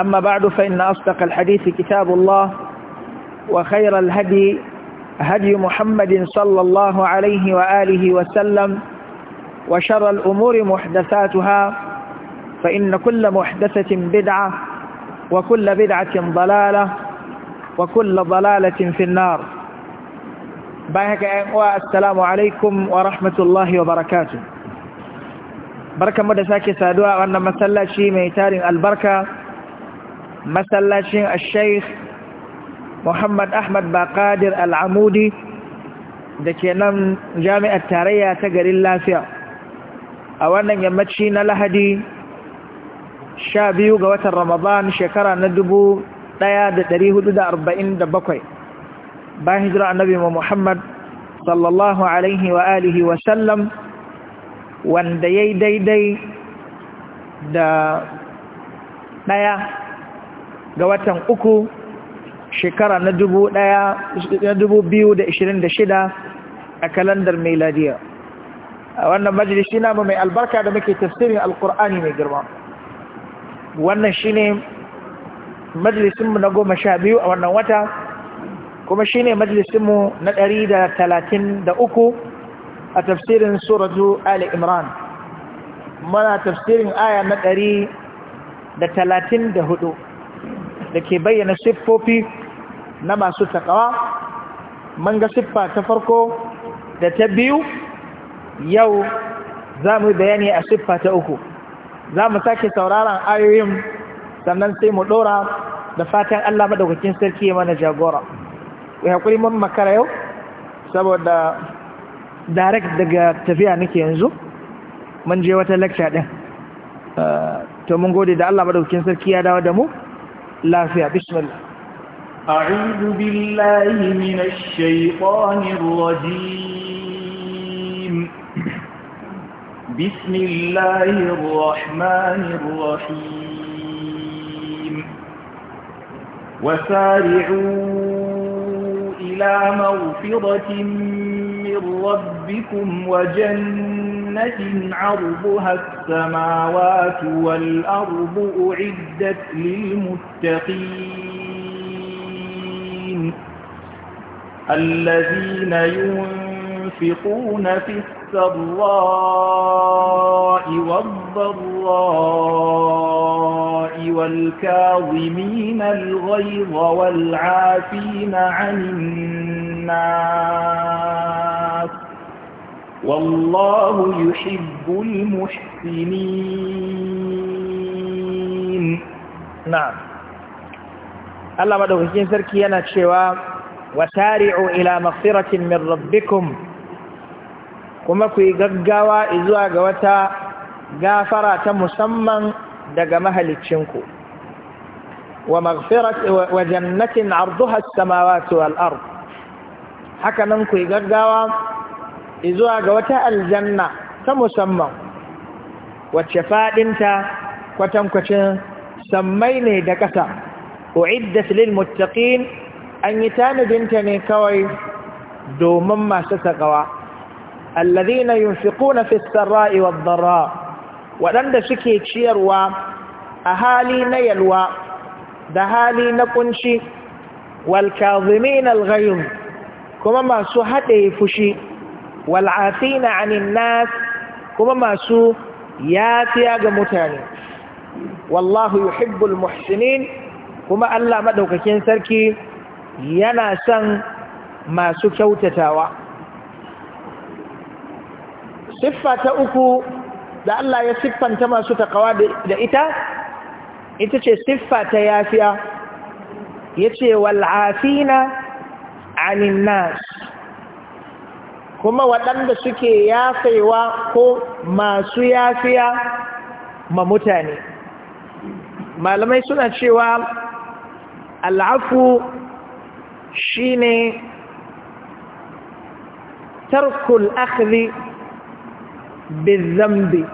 أما بعد فإن أصدق الحديث كتاب الله وخير الهدي هدي محمد صلى الله عليه وآله وسلم وشر الأمور محدثاتها فإن كل محدثة بدعة وكل بدعة ضلالة وكل ضلالة في النار باهك السلام عليكم ورحمة الله وبركاته بركة مدساكي سادوا وأن مسلا شيء ميتار البركة masallacin al muhammad ahmad bakadir al'amudi da ke nan jami'ar tarayya ta garin lafiya a wannan yammaci na lahadi sha biyu ga watan ramadan shekara na dubu ɗaya da da da hudu bakwai bayan hijira annabi muhammad sallallahu alaihi wa alihi wa sallam wanda ya yi daidai da ɗaya ga watan uku shekara na dubu dubu na biyu da da ishirin shida a kalandar meladiya a wannan majalisi namu mai albarka da muke tafsirin alkur'ani mai girma wannan shine majalisinmu na goma sha biyu a wannan wata kuma shine majalisinmu na ɗari da talatin da uku a tafsirin suratu ali imran mana tafsirin aya na ɗari da talatin da hudu da ke bayyana siffofi na masu taƙawa man ga siffa ta farko da ta biyu yau za mu bayani a siffa ta uku za mu sake sauraron ayoyin sannan sai mu ɗora da fatan Allah madaukakin sarki ya mana jagora Ya haƙuri mun makara yau saboda direct daga tafiya nake yanzu mun je wata lecture ɗin eh, to mun gode da Allah maɗaukakin sarki ya dawo da mu لا بسم الله أعوذ بالله من الشيطان الرجيم بسم الله الرحمن الرحيم وسارعوا إلى مغفرة من ربكم وجنة عرضها السماوات والأرض أعدت للمتقين الذين ينفقون في السراء والضراء والكاظمين الغيظ والعافين عن الناس والله يحب المحسنين نعم الله بدو حسين سركي أنا تشوا وسارعوا إلى مغفرة من ربكم كما كي غقوا إذوا غوتا غافرة مسمى دق مهل تشنكو ومغفرة وجنة عرضها السماوات والأرض حكا ننكو غقوا zuwa ga wata aljanna ta musamman wacce faɗinta kwatankwacin sammai ne da ƙasa uiddat lil muttaqin an yi tanadinta ne kawai domin masu sakawa alladhina yunfiquna fi sarai wad waɗanda suke ciyarwa a hali na yalwa da hali na ƙunci, wal kazimin kuma masu haɗe fushi wal'afina anin nas kuma masu yafiya ga mutane wallahu yuhibbul muhsinin kuma Allah madaukakin sarki yana son masu kyautatawa siffa ta uku da Allah ya siffanta masu takawa da ita ita ce siffa ta yafiya yace wal'afina anin nas kuma waɗanda suke yafewa ko masu yafiya ma mutane malamai suna cewa al'afu shine tarkul akhdhi bizambi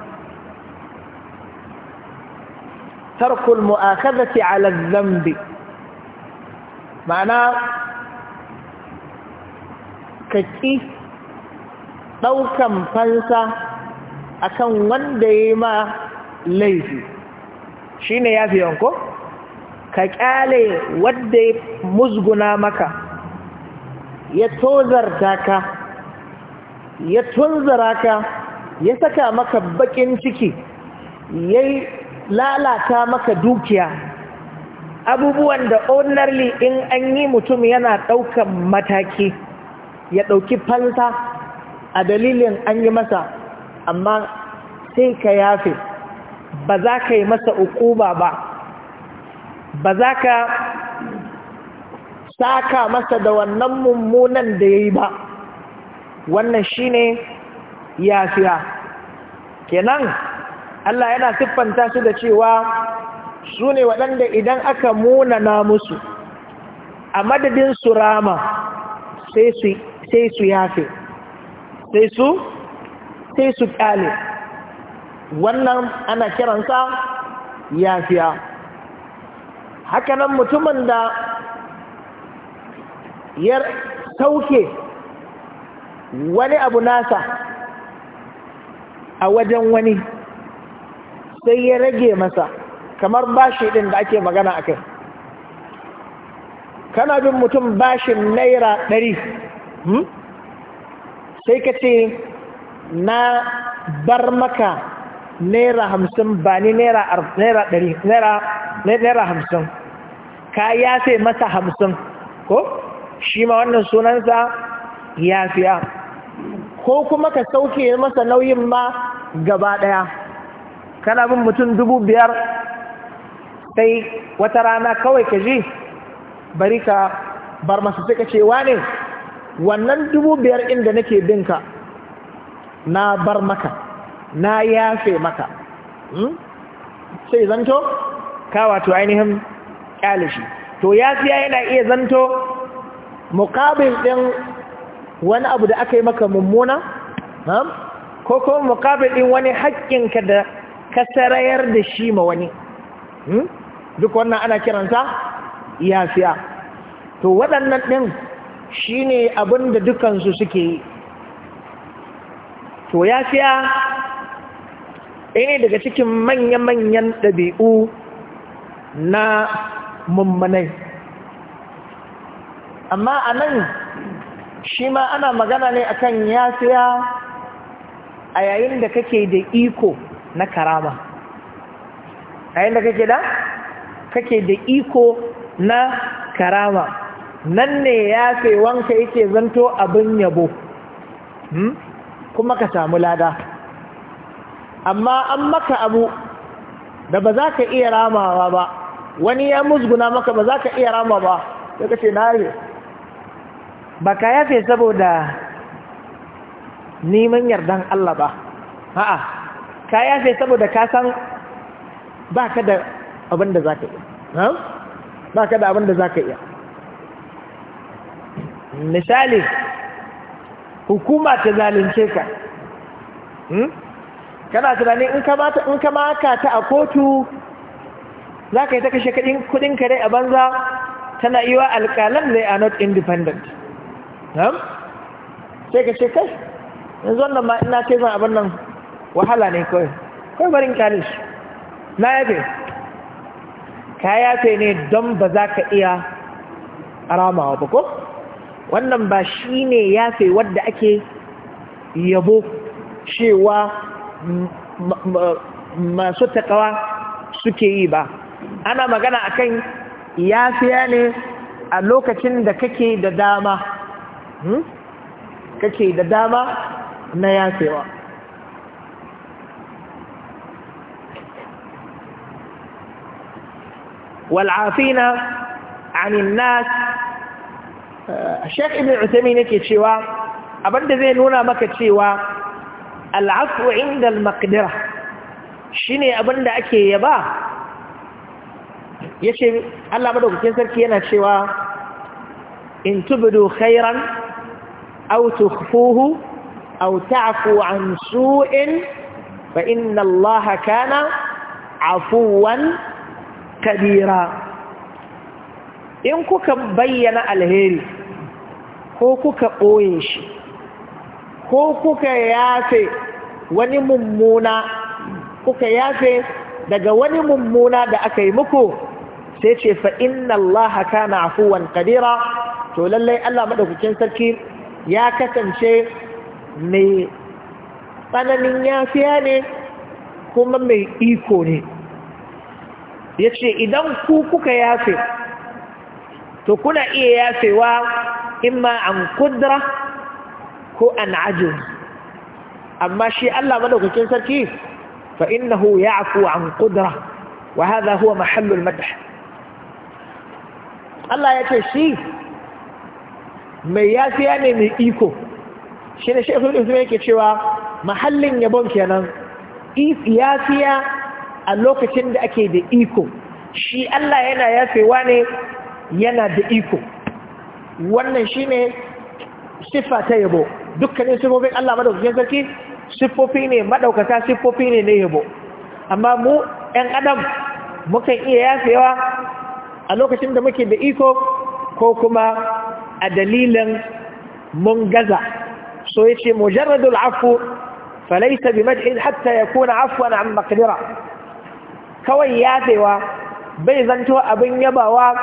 tarkul mu'akhadhati 'ala adh-dhanbi ma'ana kaki ɗaukan fansa akan wanda ya yi ma laifi shi ne ya fi yanko ka ƙyale wadda ya musguna maka ya tozarta ka ya tunzara ka ya saka maka bakin ciki ya lalata maka dukiya abubuwan da onarli in an yi mutum yana ɗaukan mataki ya ɗauki fansa a dalilin an yi masa amma sai ka yafe ba za ka yi masa ukuba ba ba za ka saka masa da wannan mummunan da ya yi ba wannan shi shine yafiya kenan Allah yana siffanta su da cewa su ne waɗanda idan aka munana musu a madadin su rama sai su yafe sai su sai su kyale wannan ana kiransa yafiya nan mutumin da ya sauke wani abu nasa a wajen wani sai ya rage masa kamar bashi ɗin da ake magana a kai kana bin mutum bashin naira ɗari hmm? sai ka ce na bar maka naira hamsin ba ni naira hamsin ka yafe masa hamsin ko shi ma wannan sunansa ya fiya. ko kuma ka sauke masa nauyin ma gaba ɗaya kana bin mutum dubu biyar sai wata rana kawai ka ji bari ka bar masa sai ka ce ne? wannan dubu biyar inda nake binka na bar maka na yafe maka hmm? sai zanto ka wato ainihin ƙyalishi to yafiya yana iya zanto muƙabil din wani abu da aka yi maka mummuna hmm? ko kuma muƙabil din wani haƙƙinka da ka sarayar da shi ma wani hmm? duk wannan ana kiransa yafiya to waɗannan ɗin Shi ne abin da dukansu suke yi to ya fiya ɗaya daga cikin manya-manyan ɗabi'u na mummanai amma a nan shi ma ana magana ne kan ya fiya a yayin da kake da iko na karama a yayin da kake da kake da iko na karama nan ne ya ce wanka yake zanto abin yabo hmm? kuma ka samu lada amma an maka abu da ba za ka iya ramawa ba wani ya musguna maka ba za ka iya rama ba ya kashe na ne ba ka yafe saboda neman yardan Allah ba a'a ka yafe saboda ka san ba ka da abin da za ka iya hmm? ba ka da abin da za ka iya misali hukuma ta zalunce ka hmm? kana tunanin in ka maka ta a kotu za ka yi ta kashe kudin kare a banza tana yi wa alƙalan they a not independent hmm? sai ka ce kai yanzu wannan ma ina ce zan abin nan wahala ne kawai kawai barin kyale shi na yafe ka yafe ne don ba za ka iya ramawa ba ko wannan ba shi ne yafe wadda ake yabo cewa masu taƙawa suke yi ba ana magana akan yafiya ne a lokacin da kake da dama hmm? kake da dama na yafewa wal'afina anin nas الشيخ ابن عثمين يكتشوا أبدا ذي نونا ما كتشوا العفو عند المقدرة شيني أبدا أكي يبا يشي ألا مدوك كنسر كينا تشوا إن تبدو خيرا أو تخفوه أو تعفو عن سوء فإن الله كان عفوا كبيرا in kuka bayyana alheri ko kuka ɓoye shi ko kuka yafe wani mummuna kuka yafe daga wani mummuna da aka yi muku sai ce fa inna Allah kana afuwan ƙadira to lallai Allah madaukakin sarki ya kasance mai tsananin yafiya ne kuma mai iko ne ya ce idan ku kuka yafe to kuna iya yafewa imma an kudra ko an ajin amma shi Allah madaukakin sarki fa innahu ya'fu an kudra wa hadha huwa mahallul madh Allah yace shi mai yafiya ne mai iko shi ne shekul isma yake cewa mahallin yabon kenan yafiya a lokacin da ake da iko shi Allah yana yafewa ne yana da iko wannan shine siffa ta yabo dukkanin siffofin Allah madaukakin sarki siffofi ne madaukaka siffofi ne na yabo amma mu yan adam mukan iya yafewa a lokacin da muke da iko ko kuma a dalilin mun gaza so yace mujarradul afu falaysa bimad'in hatta yakuna afwan an maqdira kawai yafewa bai zanto abin yabawa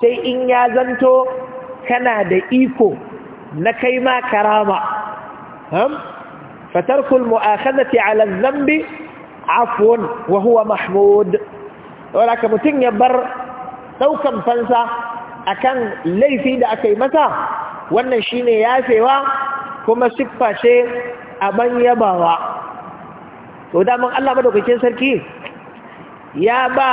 sai in ya zanto kana da iko na kai ma karama fatarkul mu'akhadati ala a afwan wa huwa mahmud wala ka mutum ya bar daukan fansa akan laifi da aka yi masa wannan shine yafewa kuma siffa ce a ban yabawa to daman Allah madaukakin sarki ya ba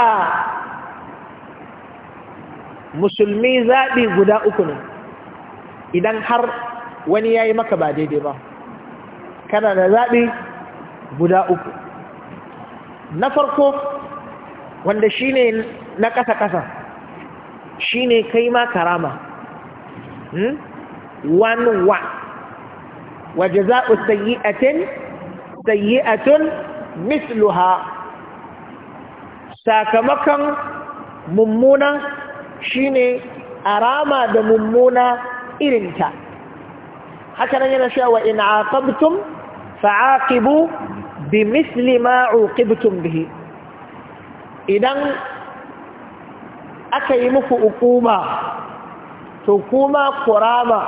musulmi zaɓi guda uku ne idan har wani ya yi maka ba daidai ba kana da zaɓi guda uku na farko wanda shi ne na ƙasa-ƙasa shi ne kai ma karama wani hmm? wa waje za'u sayi'atin sayi'atun misluha sakamakon mummunan shine arama da mummuna irinta haka nan yana cewa in aqabtum fa'aqibu bimithli ma uqibtum bihi idan aka yi muku hukuma to kuma kurama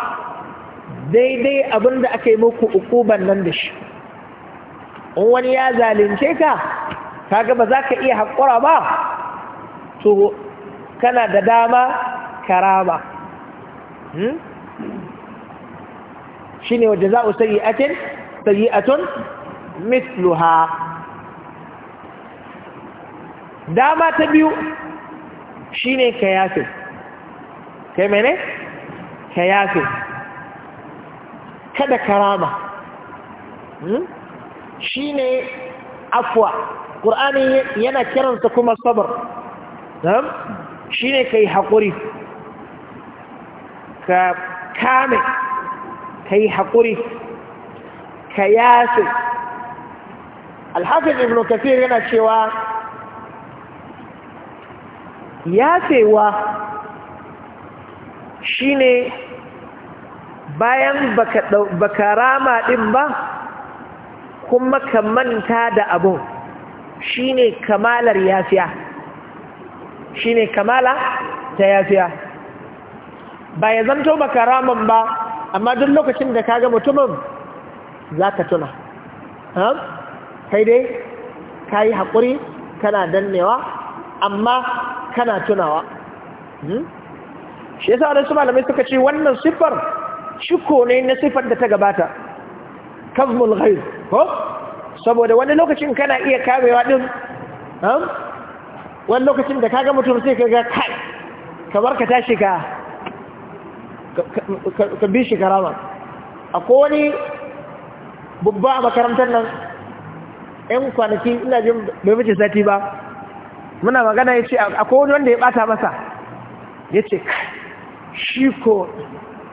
daidai abinda aka yi muku hukuman nan da shi in wani ya zalunce ka kaga ba za ka iya haƙura ba to kana da dama karama hmm? shi ne za wajen za'u sayi'atin sayi'atun misluha dama ta biyu shi ne ka kai mene? ka yafe kada karama hmm? shi ne afuwa ƙur'ani yana kiransa kuma sabar shi ne ka yi haƙuri ka kame ka yi haƙuri ka yafe alhafin ibn kafir yana cewa yafewa shi ne bayan baka rama ɗin ba kuma ka manta da abun shi ne kamalar yafiya shine kamala ta yafiya ba ya zanto maka ramin ba amma duk lokacin da kaga mutumin zaka tuna sai dai kayi hakuri kana dannewa amma kana tunawa hmm? shi yasa da su malamai suka ce wannan sifar shiko ne na sifar da ta gabata kazmul ghaib ko saboda wani lokacin kana iya kamewa din wani lokacin da kaga mutum sai ka ga kai kamar ka tashi ka ka bi shi karama akwai wani babba a makarantar nan yan kwanaki ina jin bai mace sati ba muna magana ya ce akwai wani wanda ya bata masa ya ce shi ko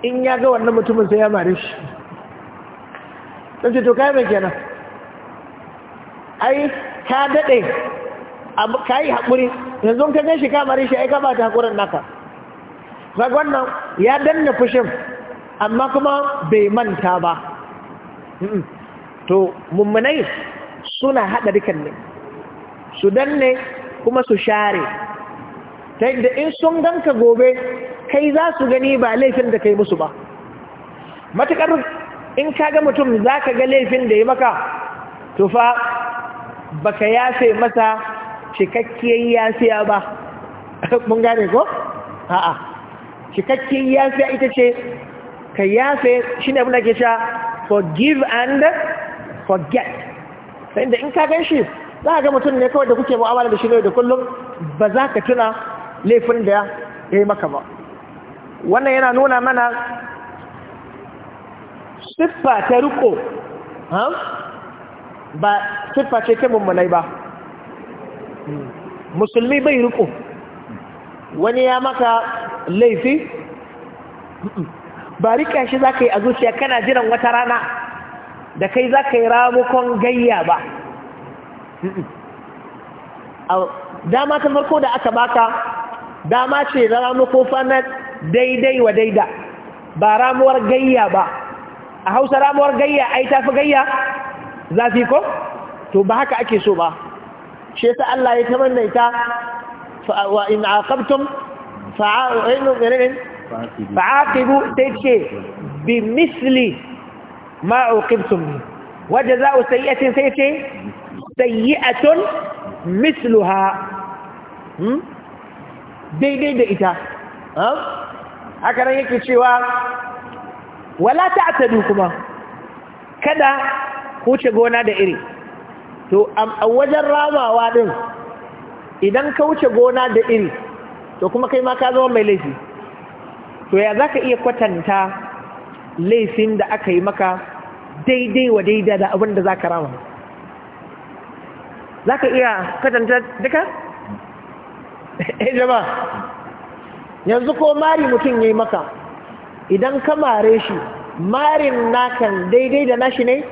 in ya ga wannan mutumin sai ya mare shi ɗan ce to kayan mai kenan ai ka daɗe abu kai hakuri yanzu ka gan shi ka shi ai ka ba ta hakurin naka kaga wannan ya danna fushin amma kuma bai manta ba to mummunai suna hada dukan ne su danne kuma su share ta yadda in sun ganka gobe kai za su gani ba laifin da kai musu ba matuƙar in ka ga mutum za ka ga laifin da ya maka tufa baka yafe masa cikakkiyar yasiya ba mun gane ko a'a cikakkiyar yasiya ita ce ka yafe shi ne abinda ke sha forgive and forget sai da in ka gan shi za ka ga mutum ne kawai da kuke mu'amala da shi ne da kullum ba za ka tuna laifin da ya yi maka ba wannan yana nuna mana siffa ta riko ba siffa ce ta mummunai ba musulmi bai riko wani ya maka laifi ba rika shi za ka yi a zuciya kana jiran wata rana da kai za ka yi ramukon gayya ba dama ta farko da aka baka dama ce da ramukon fana daidai wa daida ba ramuwar gayya ba a hausa ramuwar gayya ai tafi gayya zafi ko to ba haka ake so ba shi yasa Allah ya tamanna ita wa in aqabtum fa'inu garin fa'aqibu tace bi misli ma uqibtum bi wajza'u sayyi'atin sayyi'atin sayyi'atun misluha hmm? daidai da ita haka nan yake cewa wala ta'tadu kuma kada ku ce gona da iri to a wajen ramawa din idan ka wuce gona da iri to kuma kai ma ka zama mai laifi to ya za ka iya kwatanta laifin da aka yi maka daidai wa daidai da abin da za ka rama za ka iya kwatanta duka? eh jama yanzu ko mari mutum ya yi maka idan ka mare shi marin nakan daidai da nashi ne?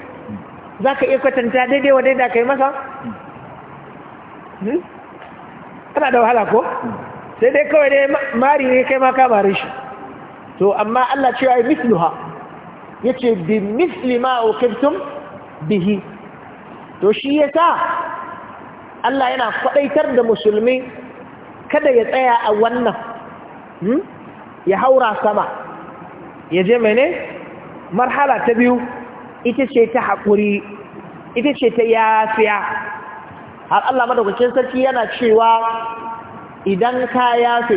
za ka iya kwatanta daidai wa daidai ka yi masa hmm? ana da wahala ko sai dai kawai dai mari ne kai ma ka mare shi to amma Allah cewa yi ha ya ce bi misli ma a ukirtum bihi to shi ya sa Allah yana kwaɗaitar da musulmi kada ya tsaya a wannan hmm? ya haura sama ya je mene marhala ta biyu ita ce ta haƙuri ita ce ta yafiya har Allah madaukakin sarki yana cewa idan ka yafe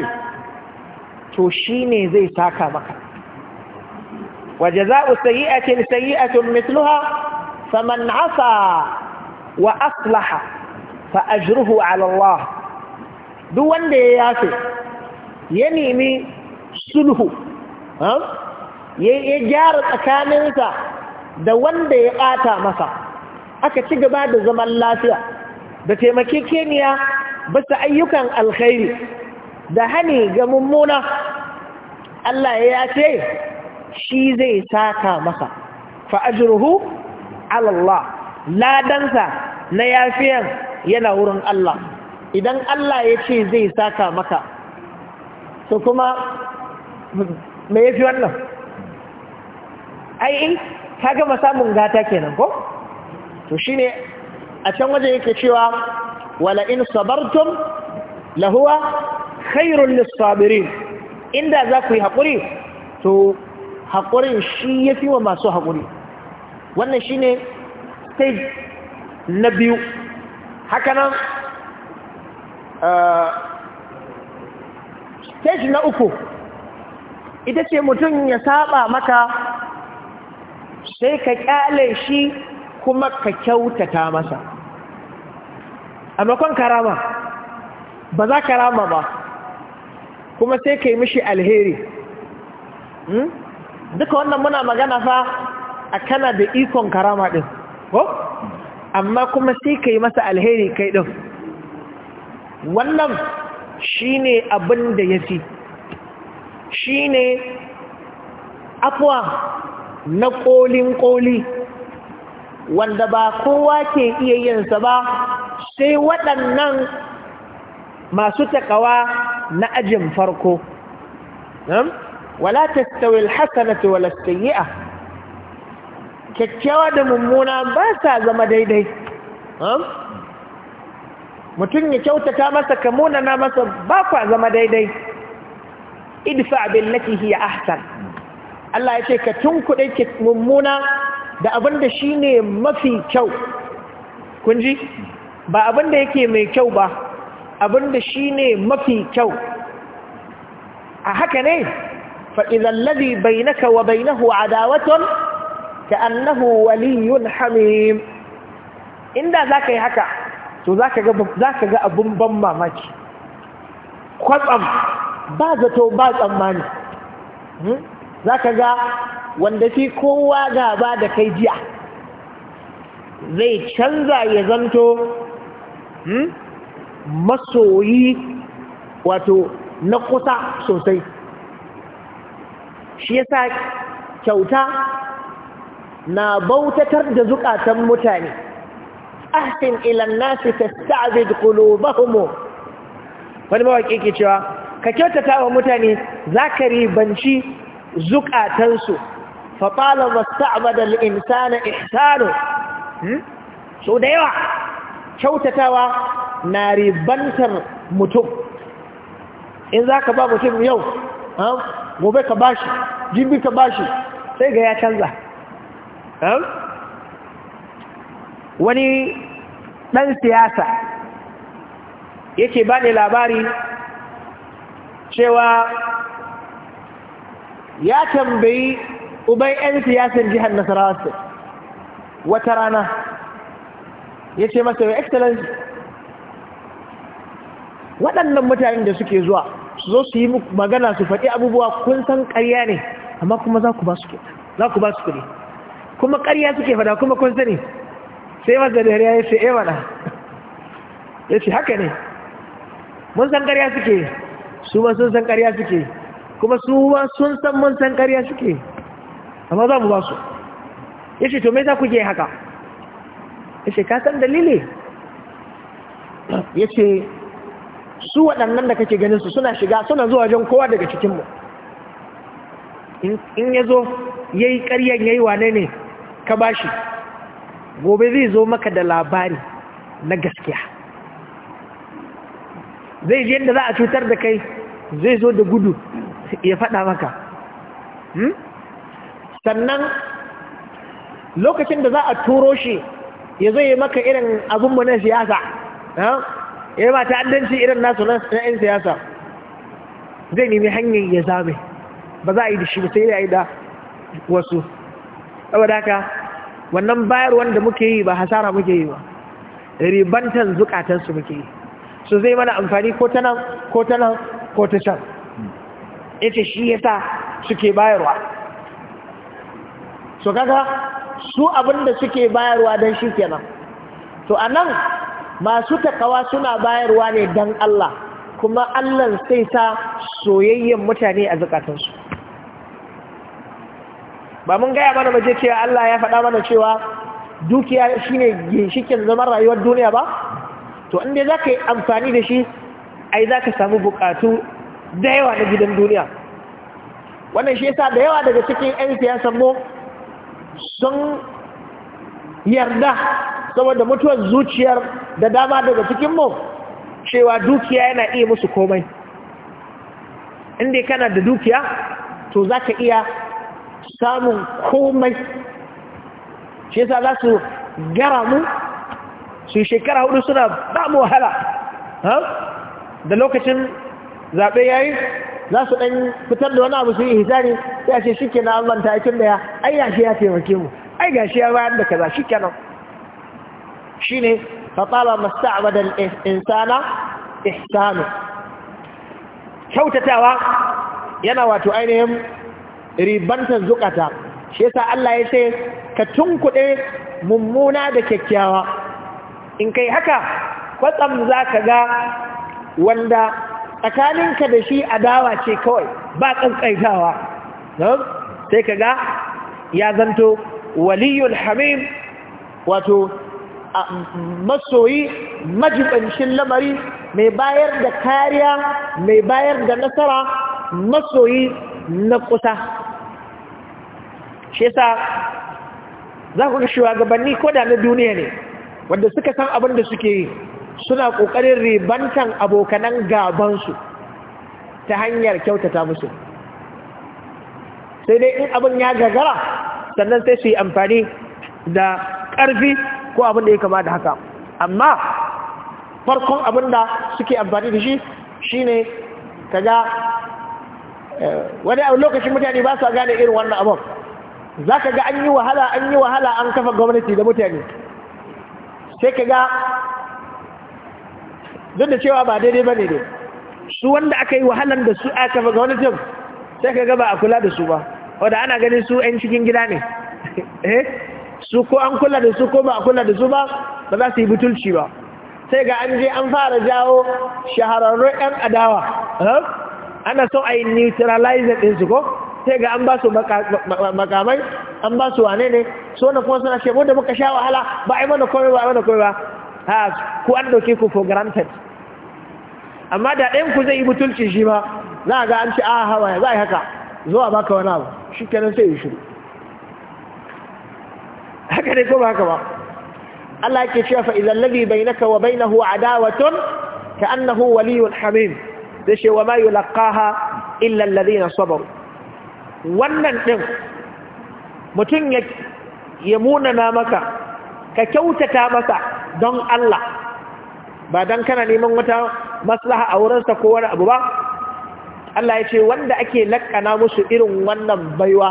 to shine zai saka maka wa jazaa'u sayyi'atin sayyi'atun mithluha faman asa wa aslaha fa ajruhu 'ala Allah duk wanda ya yafe ya nemi sulhu ya gyara tsakaninsa da wanda ya ɓata masa aka ci gaba da zaman lafiya da ba su ayyukan alkhairi da hani ga mummuna Allah ya ce shi zai saka masa fa'ajirhu Allah ladansa na yafiyan yana wurin Allah idan Allah ya ce zai saka maka to kuma me yafi wannan ai ka gama samun gata kenan ko to shine a can waje yake cewa wala in sabartum lahuwa khairul lisabirin inda za ku yi haƙuri to haƙurin shi ya wa masu haƙuri wannan shi ne stage na biyu hakanan stage na uku ita ce mutum ya saba maka sai ka kyale shi kuma ka kyautata masa a makon karama ba za ka rama ba kuma sai ka yi mishi alheri hmm? duka wannan muna magana fa a kana da ikon karama din, ko? amma kuma sai ka yi masa alheri kai ɗin wannan shi ne abin da ya fi shi ne afuwa na ƙolin ƙoli wanda ba kowa ke iya yinsa ba sai waɗannan masu taƙawa na ajin farko wala tastawi alhasanatu wala sayyi'a kyakkyawa da mummuna ba sa zama daidai mutum ya kyautata masa ka munana masa ba kwa zama daidai idfa billati hiya ahsan Allah ya ce ka tunkuɗe mummuna da abin da shi ne mafi kyau kun ji ba abin da yake mai kyau ba abin da shi ne mafi kyau a haka ne fa'izallazi bai naka wa bai nahu adawaton ta annahu waliyun hamim inda za ka yi haka to za ka ga abin ban mamaki kwatsam ba zato ba tsammani hmm? za ka ga wanda fi kowa gaba da kai jiya zai canza ya zanto hmm, masoyi wato na kusa sosai shi yasa kyauta na bautatar da zukatan mutane ahsin ilan nasi tasta'bid qulubahum wani mawaki ke cewa ka kyautata wa mutane zakari banci zukatansu faɓala insa na ihsanu hmm? so da yawa kyautatawa na ribantar mutum in za ka ba mutum yau gobe ka bashi jimbi ka bashi sai ga ya canza wani ɗan siyasa yake ba labari cewa ya tambayi uban 'yan siyasar jihar su wata rana ya ce masa your excellence waɗannan mutanen da suke zuwa su zo su yi magana su faɗi abubuwa kun san ƙarya ne amma kuma za ku ba su kuɗi kuma ƙarya suke fada kuma kun sani sai masa da ya ce e mana ya ce haka ne mun san ƙarya suke su ma sun san ƙarya suke yi? kuma su ma sun san mun san ƙarya suke amma za mu ba su ya ce to me za ku ke haka ya ce ka san dalili ya ce su waɗannan da kake ganin su suna shiga suna zuwa jan kowa daga cikinmu in ya zo ya yi ƙaryan ya yi wane ne ka bashi? gobe zai zo maka da labari na gaskiya zai je yadda za a cutar da kai zai zo da gudu ya faɗa maka hmm? sannan lokacin da za a turo shi ya zo yi maka irin abinmu na siyasa ya yi mata ta'addanci irin nasu na 'yan siyasa zai nemi hanyar ya zame ba za a yi da shi sai ya yi da wasu saboda haka wannan bayarwan da muke yi ba hasara muke yi ba ribantan zukatansu muke yi su zai mana amfani ko ta nan ko ta nan ko ta can ya shi shi yasa suke bayarwa so kaga su abinda suke bayarwa don shi kenan to a nan masu takawa suna bayarwa ne don Allah kuma Allah sai ta soyayyen mutane a zukatansu ba mun gaya mana baje cewa Allah ya faɗa mana cewa dukiya shine ginshikin zaman rayuwar duniya ba to inda za ka yi amfani da shi ai za ka samu bukatu da yawa na gidan duniya wannan shi yasa da yawa daga cikin 'yan siyasar mu sun yarda saboda mutuwar zuciyar da dama daga cikin mu cewa dukiya yana iya musu komai inda kana da dukiya to za ka iya samun komai shi yasa za su gara mu su shekara hudu suna ba mu wahala da lokacin zaɓe ya yi za su ɗan fitar da wani abu su yi hisani ya ce shi na allon ta aikin da ya ai gashi ya taimake mu ai gashi ya bayar da kaza shi kenan shi ne masu musta'abadan insana ihsanu kyautatawa yana wato ainihin ribantar zukata shi yasa Allah ya ce ka tunkuɗe mummuna da kyakkyawa in kai haka kwatsam za ka ga wanda tsakaninka da shi adawa ce kawai ba ƙanƙaitawa sai ka ga ya zanto waliyul hamim wato masoyi majibancin lamari mai bayar da kariya mai bayar da nasara masoyi na kusa shi yasa za ku ga shugabanni ko da na duniya ne wanda suka san abin da suke yi suna ƙoƙarin ribantan abokanan gabansu ta hanyar kyautata musu sai dai in abin ya gagara sannan sai su yi amfani da ƙarfi ko abin da ya kama da haka amma farkon abin da suke amfani da shi shi ne kaga eh, wani lokacin mutane ba su gane irin wannan abin za ka ga an wahala an yi wahala an kafa gwamnati da mutane sai ka ga duk da cewa ba daidai ba ne ne su wanda aka yi wahalar da su aka ga wani tim sai ka gaba a kula da su ba wadda ana ganin su 'yan cikin gida ne eh? su ko an kula da su ko ba a kula da su ba ba za su yi butulci ba sai ga an je an fara jawo shahararru 'yan adawa eh? ana so a yi neutralizer ɗinsu ko sai ga an ba su makamai an ba su wane ne so na kuma suna ce da muka sha wahala ba a yi mana komai ba a yi mana komai ba ha ku an ɗauke ku for granted amma da ku zai yi mutunci shi ba za a ga an ce a ah, hawa za a yi haka zuwa baka wani abu shi kenan sai yi shiru haka ne ko ba haka ba Allah ke cewa fa idan ladhi bainaka wa bainahu adawatun annahu waliyyun hamim dace wa ma yulqaha illa alladhina sabaru wannan din mutun ya muna na maka ka kyautata masa don Allah ba dan kana neman wata maslaha a wurinsa ko wani abu ba Allah ya ce wanda ake lakana musu irin wannan baiwa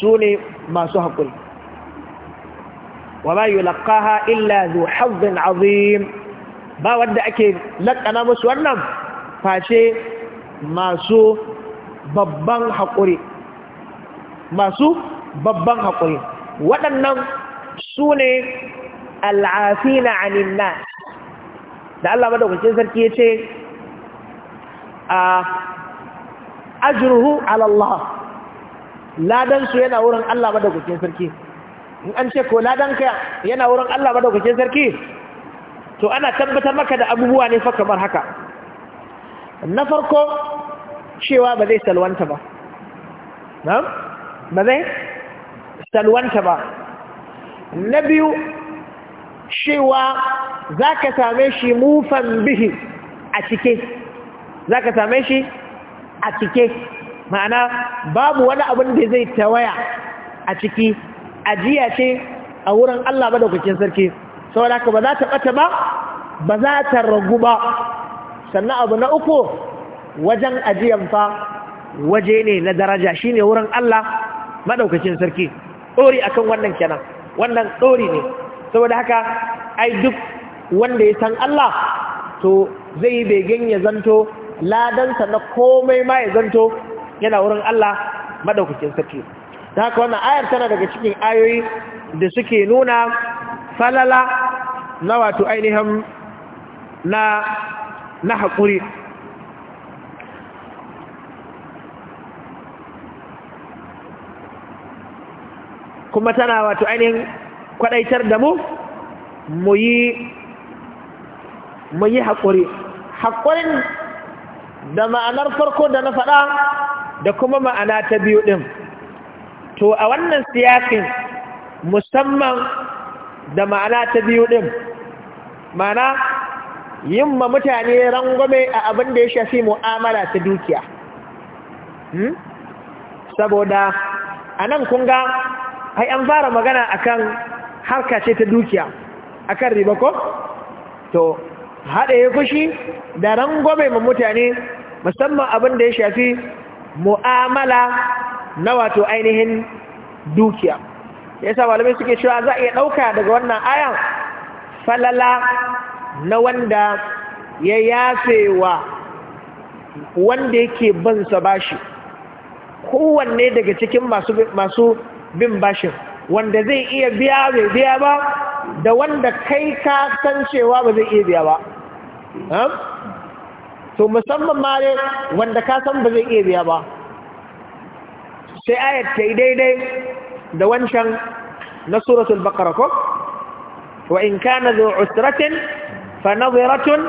su ne masu haƙuri wa ma yi laƙaha illa zu hazzin azim ba wanda ake lakana musu wannan face masu babban haƙuri masu babban haƙuri waɗannan su ne al'afina anin da Allah madaukakin sarki ya ce a ajruhu ala Allah ladan su yana wurin Allah madaukakin sarki in an ce ko ladan ka yana wurin Allah madaukakin sarki to ana tabbatar maka da abubuwa ne fa kamar haka na farko cewa ba zai salwanta ba ba zai salwanta ba na biyu cewa za ka same shi mufan bihi a cike za ka same shi a cike ma'ana babu wani abin da zai tawaya a ciki ajiya ce a wurin Allah kukin sarki saboda ka ba za ta ɓata ba ba za ta ragu ba sannan abu na uku wajen ajiyan fa waje ne na daraja shine wurin Allah maɗaukacin sarki ɗori akan wannan kenan wannan ɗori ne saboda haka ai duk wanda ya san Allah to zai yi begen ya zanto ladansa na komai ma ya zanto yana wurin Allah madaukakin sarki da haka wannan ayar tana daga cikin ayoyi da suke nuna falala na wato ainihin na na haƙuri kuma tana wato ainihin kwadaitar da mu mu yi haƙuri haƙurin da ma'anar farko da na faɗa da kuma ma'ana ta biyu ɗin to a wannan siyafin musamman da ma'ana ta biyu ɗin mana yin ma mutane rangwame a abin da ya shafi mu'amala ta dukiya hmm? saboda a nan kunga ai an fara magana akan harka ce ta dukiya akan riba ko to haɗe ya fushi da gobe ma mutane musamman abin da ya shafi mu'amala na wato ainihin dukiya yasa malamai suke cewa za a iya ɗauka daga wannan ayan falala na wanda ya yafe wa wanda yake bansa bashi kowanne daga cikin masu bin bashin wanda zai iya biya bai biya ba da wanda kai ka san cewa ba zai iya biya ba to musamman ma dai wanda ka san ba zai iya biya ba sai ayat ta yi daidai da wancan na suratul baqara ko wa in kana dhu usratin fa nadhiratun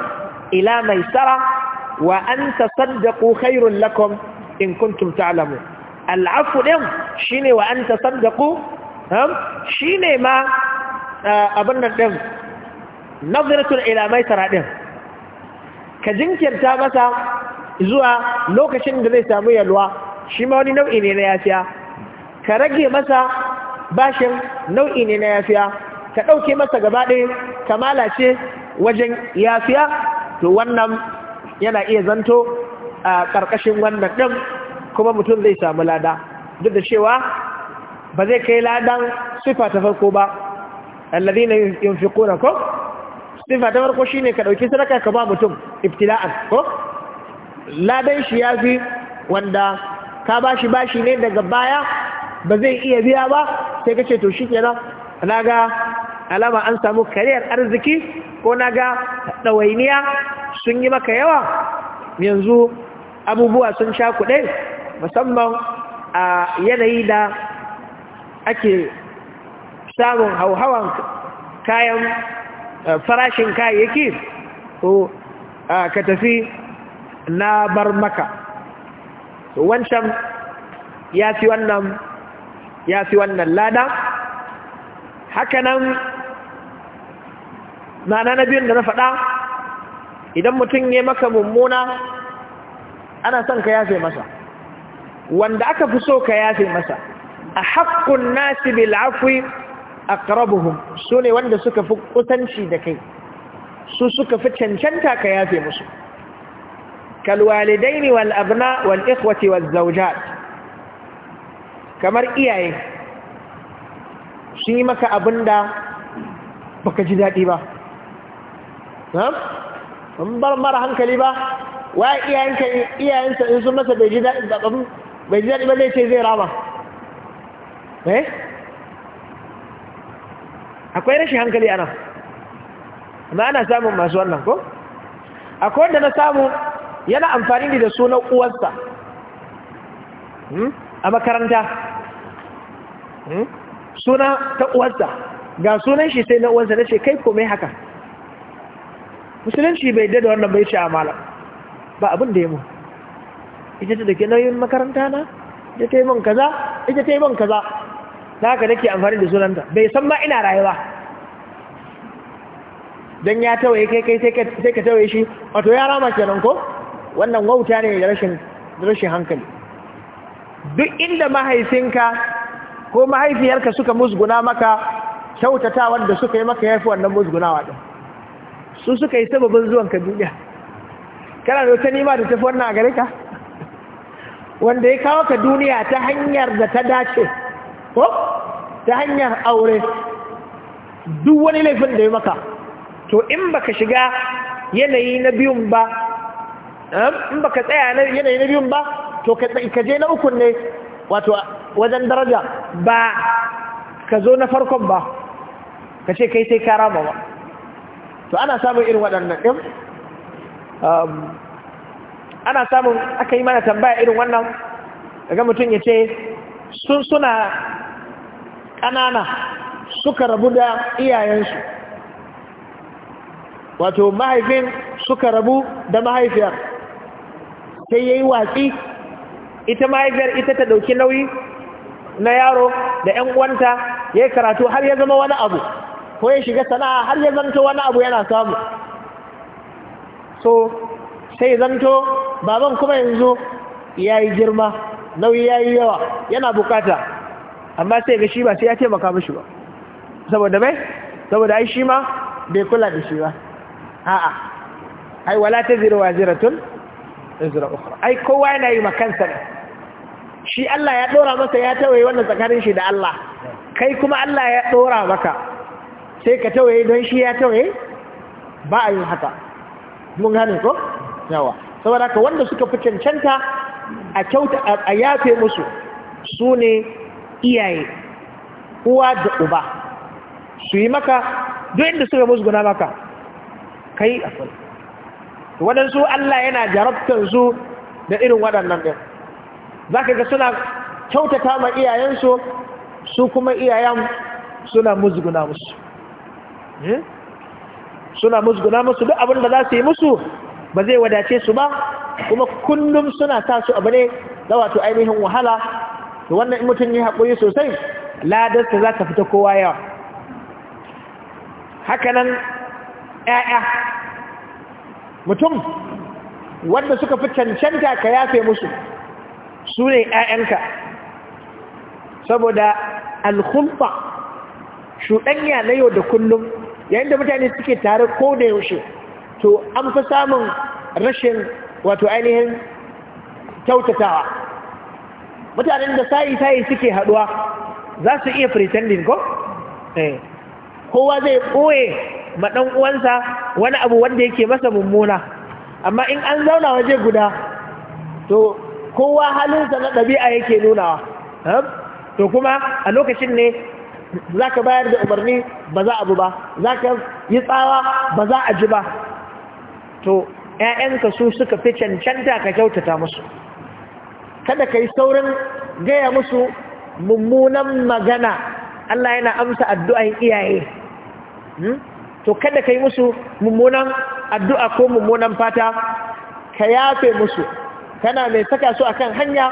ila maisara wa an tasaddaqu khairul lakum in kuntum ta'lamun al'afu din shine wa an tasaddaqu shi ne ma abin da ɗin naziratul ilamai tara ɗin ka jinkirta masa zuwa lokacin da zai samu yalwa shi ma wani nau'i ne na yafiya ka rage masa bashin nau'i ne na yafiya ka ɗauke masa gaba ɗaya kamala ce wajen yafiya to wannan yana iya zanto a ƙarƙashin wannan ɗin kuma mutum zai samu lada duk da cewa ba zai kai ladan sifa ta farko ba alladhina yunfiquna ko sifa ta farko shine ka ɗauki sadaka ka ba mutum iftila'a ko ladan shi yafi wanda ka bashi bashi ne daga baya ba zai iya biya ba sai kace to Na naga alama an samu kariyar arziki ko naga ɗawainiya sun yi maka yawa yanzu abubuwa sun sha kuɗe musamman a yanayi da ake samun hauhawan kayan eh, farashin kayayyaki ko eh, ka tafi na bar maka wancan ya fi wannan ya fi wannan lada hakanan ma'ana na biyun da na faɗa idan mutum ne maka mummuna ana son ka yafe masa wanda aka fi so ka yafe masa a haƙƙun nasi bil a aqrabuhum su ne wanda suka fi kusanci da kai su suka fi cancanta ka yafe musu kal walidaini wal abna wal ikhwati waz kamar iyaye sun yi maka abinda baka ji daɗi ba in bar mara hankali ba wa iyayenka iyayensa in sun masa bai ji daɗi ba zai ce zai rama eh akwai rashin hankali ana amma ana samun masu wannan ko akwai wanda na samu yana amfani da sunan uwarsa hmm? a makaranta hmm? suna ta uwarsa ga sunan shi sai na uwarsa na ce kai komai haka musulunci bai dada wannan bai ce amala ah, ba abin da ya mu ita ta dake nauyin makaranta na ita ta yi min kaza ita ta yi min kaza na haka nake amfani da sunanta bai san ma ina rayuwa don ya tawaye kai kai sai ka tawaye shi wato ya rama kenan ko wannan wauta ne da rashin hankali duk inda mahaifinka ko mahaifiyarka suka musguna maka kyautatawar da suka yi maka ya fi wannan musgunawa ɗin su suka yi sababin zuwanka duniya kana da wata nima da tafi wannan a gare ka wanda ya kawo ka duniya ta hanyar da ta dace ko ta hanyar aure duk wani laifin da ya maka to in baka shiga yanayi na biyun ba eh, in baka tsaya yanayi na biyun ba to ka je na ukun ne wato wajen daraja ba ka zo na farkon ba ka ce kai sai ka rama ba to ana samun irin waɗannan ɗin um, ana samun aka yi mana tambaya irin wannan daga mutum ya ce sun suna ƙanana suka rabu da iyayensu wato mahaifin suka rabu da mahaifiyar sai ya yi watsi ita mahaifiyar ita ta ɗauki nauyi na yaro da 'yan uwanta ya yi karatu har ya zama wani abu ko ya shiga sana'a har ya zanto wani abu yana samu so sai zanto baban kuma yanzu ya yi girma nauyi ya yi yawa yana bukata amma sai ga shi ba sai ya taimaka mishi ba saboda mai saboda ai shi ma bai kula da shi ba a'a ai wala ta zira wa waziratun izra ukhra ai kowa yana yi makansa ne shi Allah ya dora masa ya tawaye wannan tsakanin shi da Allah kai kuma Allah ya dora maka sai ka tawaye don shi ya tawaye ba a yin haka mun gane ko yawa saboda ka wanda suka fi cancanta a kyauta a yafe musu su ne iyaye uwa da uba su yi maka duk inda suka musu guna maka kai akwai waɗansu Allah yana jarabtansu da irin waɗannan ɗin za ka ga suna kyautata ma iyayensu su kuma iyayen suna musguna musu hmm? suna musguna musu duk abin da za su yi musu ba zai wadace su ba kuma kullum suna ta su abu ne da wato ainihin wahala to wannan mutum ya haƙuri sosai ladarsa za ta fita kowa yawa hakanan ‘ya'ya mutum wanda suka fi cancanta ka yafe musu su ne ‘ya'yanka saboda alhulfa shuɗanya na yau da kullum yayin da mutane suke tare ko da yaushe to an fi samun rashin wato ainihin kyautatawa mutanen da sayi-sayi suke haduwa za su iya pretending ko? Eh. kowa zai ɓoye ma ɗan uwansa wani abu wanda yake masa mummuna amma in an zauna waje guda to kowa halinsa na ɗabi'a yake nunawa to kuma a lokacin ne za ka bayar da umarni ba za abu ba za ka yi tsawa ba za a ji ba to ‘ya'yanka su suka fi cancanta ka kyautata musu kada ka yi saurin gaya musu mummunan magana Allah yana amsa addu'an iyaye hmm? to kada ka yi musu mummunan addu'a ko mummunan fata ka yafe musu kana mai saka su akan hanya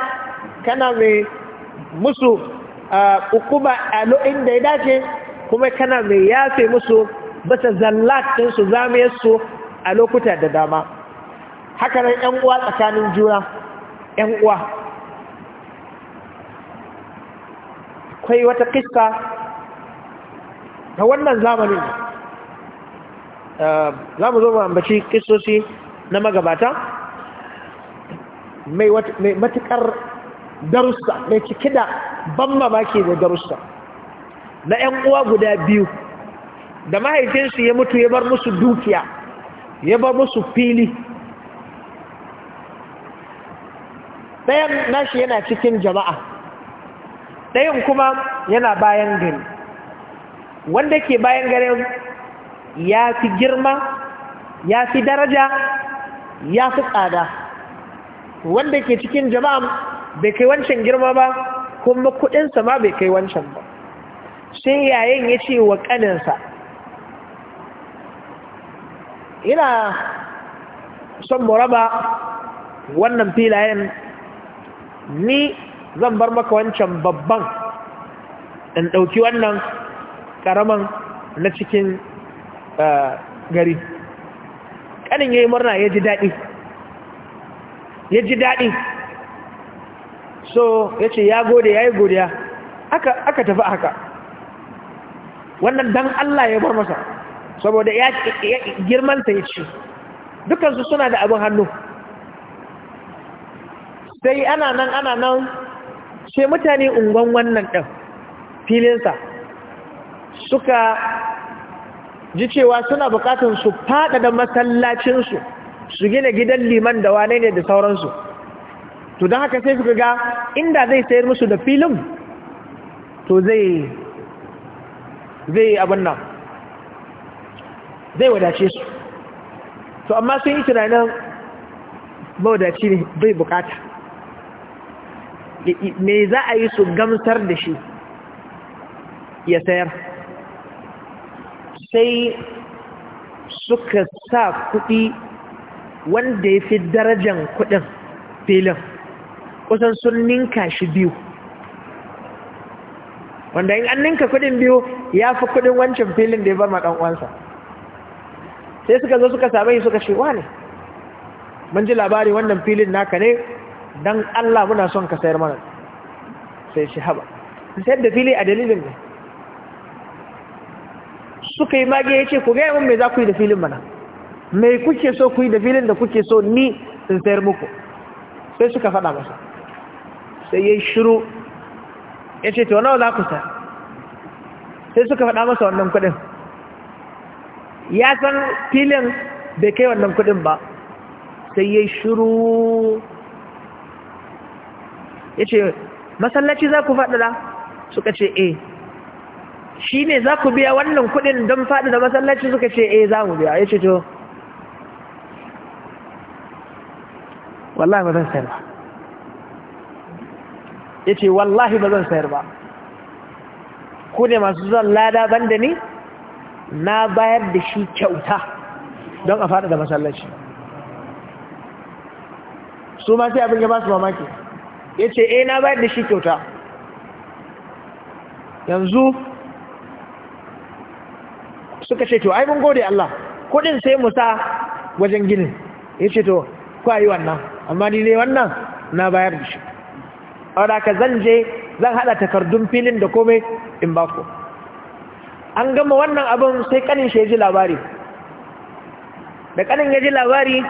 kana mai musu hukuma a lo'in da ya dace kuma kana mai yafe musu bata zallatinsu su a lokuta da dama haka yanuwa tsakanin juna ‘yan uwa akwai wata kista ta wannan zamanin eh, za mu zo mu ambaci kistoci na magabata mai matukar darussa mai ciki da ban mamaki da darussa na 'yan uwa guda biyu da mahaifinsu ya mutu ya bar musu dukiya ya bar musu fili ɗayan nashi yana cikin jama'a ɗayan kuma yana bayan gari wanda ke bayan gari ya fi girma ya fi daraja ya fi tsada wanda ke cikin jama'a bai kai wancan girma ba kuma kudinsa ma bai kai wancan ba sai yayin ya ce wa kaninsa ina son mu raba wannan filayen ni zan bar maka wancan babban in ɗauki wannan ƙaraman na cikin eh, gari ƙanin ya yi murna ya ji daɗi ya ji daɗi so ya ce ya gode ya yi godiya aka tafi haka wannan dan Allah ya bar masa saboda ya girmanta ya ce dukansu suna da abin hannu sai ana nan ana nan ce mutane ungon wannan ɗan filinsa suka ji cewa suna bukatar su faɗaɗa masallacinsu su gina gidan liman da wane ne da sauransu to don haka sai suka ga inda zai sayar musu da filin to zai zai abin nan zai wadace su to amma sun yi tunanin mawadaci ne bai bukata me za a yi su gamsar da shi ya sayar sai suka sa kuɗi wanda ya fi darajan kuɗin filin kusan sun ninka shi biyu wanda yin an ninka kuɗin biyu ya fi kuɗin wancan filin da ya bar maɗan'uwansa sai suka zo suka sabai yi suka ce wa ne mun ji labari wannan filin naka ne don Allah muna son ka sayar mana sai shi haba sayar da fili a dalilin ne suka yi mage ya ce ku gaya mun mai za ku yi da filin mana mai kuke so ku yi da filin da kuke so ni in sayar muku sai suka faɗa masa sai ya yi shiru ya ce to nawa za ku sa, sai suka faɗa masa wannan kuɗin ya san filin bai kai wannan kuɗin ba sai ya yi shiru ya ce masallaci za ku faɗaɗa suka ce e shi ne za ku biya wannan kuɗin don faɗaɗa masallaci suka ce e za mu biya ya ce to wallahi ba zan sayar ba ya ce wallahi ba zan sayar ba ku ne masu zan lada ban da ni na bayar da shi kyauta don a faɗaɗa masallaci su ma sai abin ya ba su mamaki ya ce eh na bayar da shi kyauta yanzu suka ce to ai mun gode Allah kudin sai mu sa wajen ginin ya ce to ku yi wannan amma ni ne wannan na bayar da shi da ka zan je zan haɗa takardun filin da komai in ba ku an gama wannan abin sai kanin shi ya ji labari da kanin ya ji labari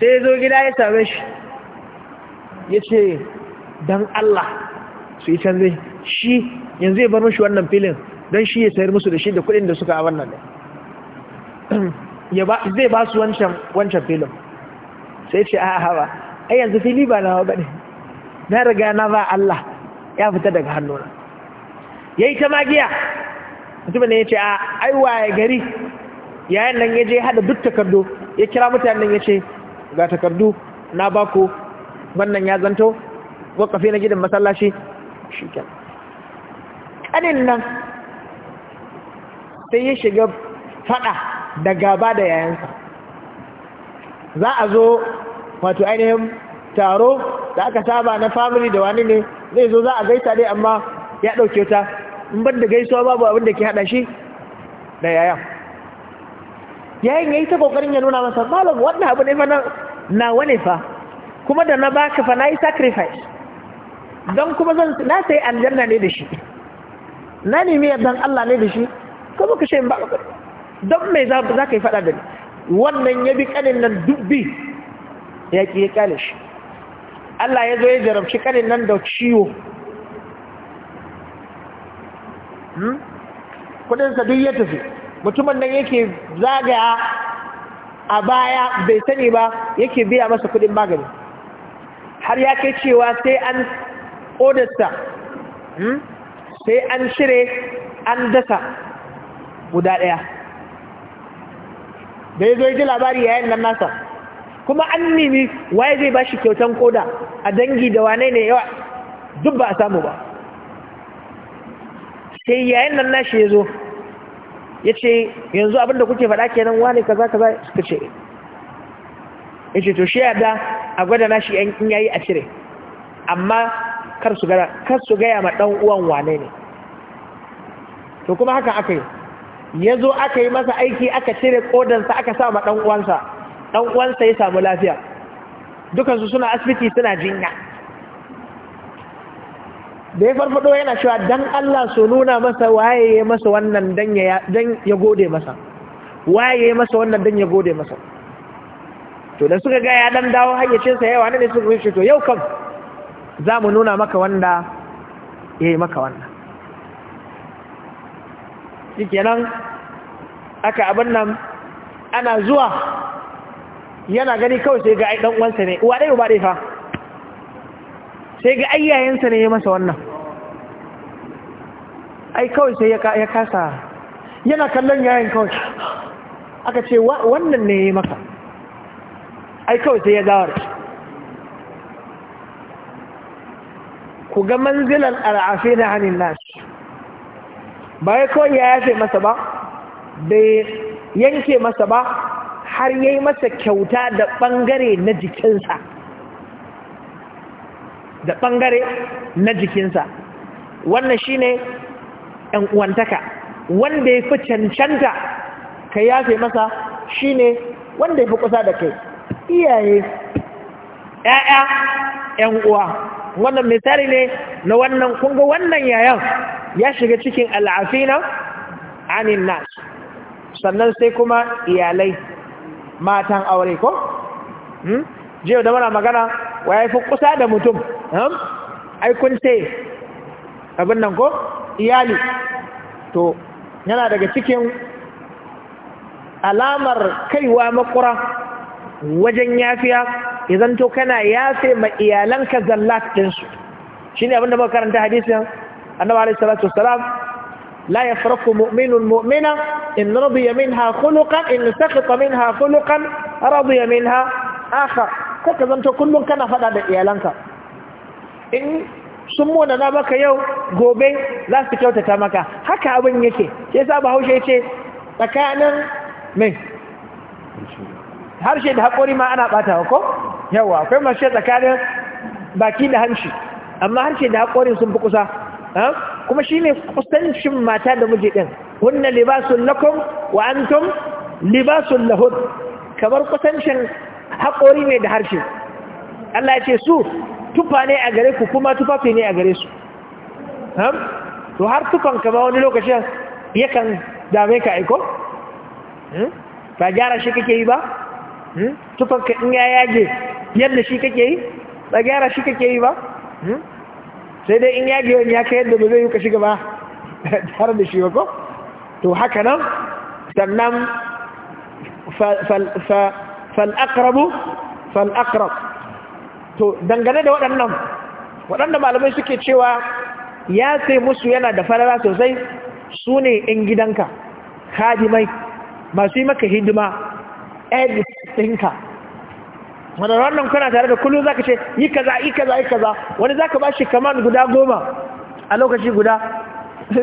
sai ya zo gida ya same shi ya ce don Allah su yi canzai shi yanzu ya bar mashi wannan filin don shi ya sayar musu da shi da kuɗi da suka a wannan ne zai ba su wancan filin sai ce a hawa ai yanzu fili ba na haɓa ne na riga na ba Allah ya fita daga hannuna ya yi ta magiya mutum ne ya ce a aiwa ya gari yayin nan ya je hada duk takardu ya kira mutanen ya ce ga takardu na bako wannan ya zanto wakafi na gidan masallaci shi kyan ƙanin nan sai ya shiga fada da gaba da yayansa za a zo wato ainihin taro da aka saba na family da wani ne zai zo za a gaisa dai amma ya ɗauke ta in ban da gaisuwa babu abin da ke haɗa shi da yayan yayin ya yi ta ƙoƙarin ya nuna masa malam wannan abu ne fa na wane fa kuma da na baka fa na yi sacrifice don kuma zan na sai aljanna ne da shi na nemi yardan Allah ne da shi ko zo ka shayin ba ka don mai za ka yi faɗa da ni wannan ya bi ƙanin nan dubbi ya ƙi ya ƙale shi Allah ya zo ya jarabci ƙanin nan da ciwo hmm? kudinsa duk ya tafi mutumin nan yake zagaya a baya bai sani ba yake biya masa kudin magani har ya kai cewa sai an Kodarsa, hmm? sai an cire an dasa guda ɗaya da ya zo ya ji labari yayin nan nasa kuma an nemi waye zai ba shi kyautan koda, a dangi da wane ne yawa duk ba a samu ba sai yayin nan nashi ya zo ya ce yanzu abinda kuke faɗa kenan wane kaza kaza suka ce ya ce to shi yada a gwada nashi in yayi a cire amma kar su gaya ma dan uwan wane ne to kuma haka aka yi ya zo aka yi masa aiki aka cire ƙodansa aka sa ma ɗan uwansa ɗan uwansa ya samu lafiya su suna asibiti suna jinya da ya farfado yana cewa dan Allah su nuna masa waye ya masa wannan dan ya gode masa waye ya masa wannan dan ya gode masa to da suka ga ya dan dawo hayyacinsa yawa ne suka rushe to yau kam za mu nuna maka wanda ya yi maka wannan shi kenan aka abin nan ana zuwa yana gani kawai sai ga ɗan uwansa ne uwa ɗaya ba ɗaya fa sai ga ayyayensa ne ya masa wannan ai kawai sai ya kasa yana kallon yayin kawai aka ce wannan ne ya yi maka ai kawai sai ya gawar ku ga manzilan al'afi na hannun nasu ba ya kawai ya yafe masa ba da yanke masa ba har ya yi masa kyauta da ɓangare na jikinsa da ɓangare na jikinsa wannan shi ne ‘yan'uwantaka wanda ya fi cancanta ka yafe masa shi ne wanda ya fi kusa da kai iyaye ‘ya'ya ‘yan uwa wannan misali ne na wannan kunga wannan yayan ya shiga cikin al'afina anin nas sannan sai kuma iyalai matan aure ko? Hmm? jiya da mana magana wa ya fi kusa da mutum hmm? aikun ce abin nan ko iyali to yana daga cikin alamar kaiwa makura wajen yafiya idan to kana yafe ma iyalanka zallat ɗinsu shi ne abinda makaranta hadisin annabi alaihi salatu wassalam la yafraku mu'minun mu'mina in radiya minha khuluqan in sakhata minha khuluqan radiya minha akhar kaka zanto kullum kana fada da iyalanka in sun mona na maka yau gobe za su kyautata maka haka abin yake sai sa bahaushe ce tsakanin mai harshe da haƙori ma ana ɓata ko yawa akwai masu tsakanin baki da hanci amma harshe da haƙorin sun fi kusa kuma shi ne kusancin mata da miji ɗin kunna libasun lakon, wa antum libasun lahun kamar kusancin haƙori ne da harshe Allah ce su tufa ne a gare ku kuma tufafi ne a gare su to har tufan kama wani lokacin yakan dame ka aiko hmm? ba gyara shi kake yi ba Hmm? tufanka in ya yage yadda shi kake yi ba gyara shi kake yi ba hmm? sai dai in yage wani ya kai yadda ba zai yi ka shiga ba tare da shi ba ko to haka nan sannan fal'akrabu fal'akrab to dangane da waɗannan waɗanda malamai suke cewa ya sai musu yana da farara sosai su ne ‘yan gidanka hadimai masu yi maka hidima edis ɗinka wanda wannan kuna tare da kullum ka ce yi kaza yi kaza yi kaza wani zaka ba shi kaman guda goma a lokaci guda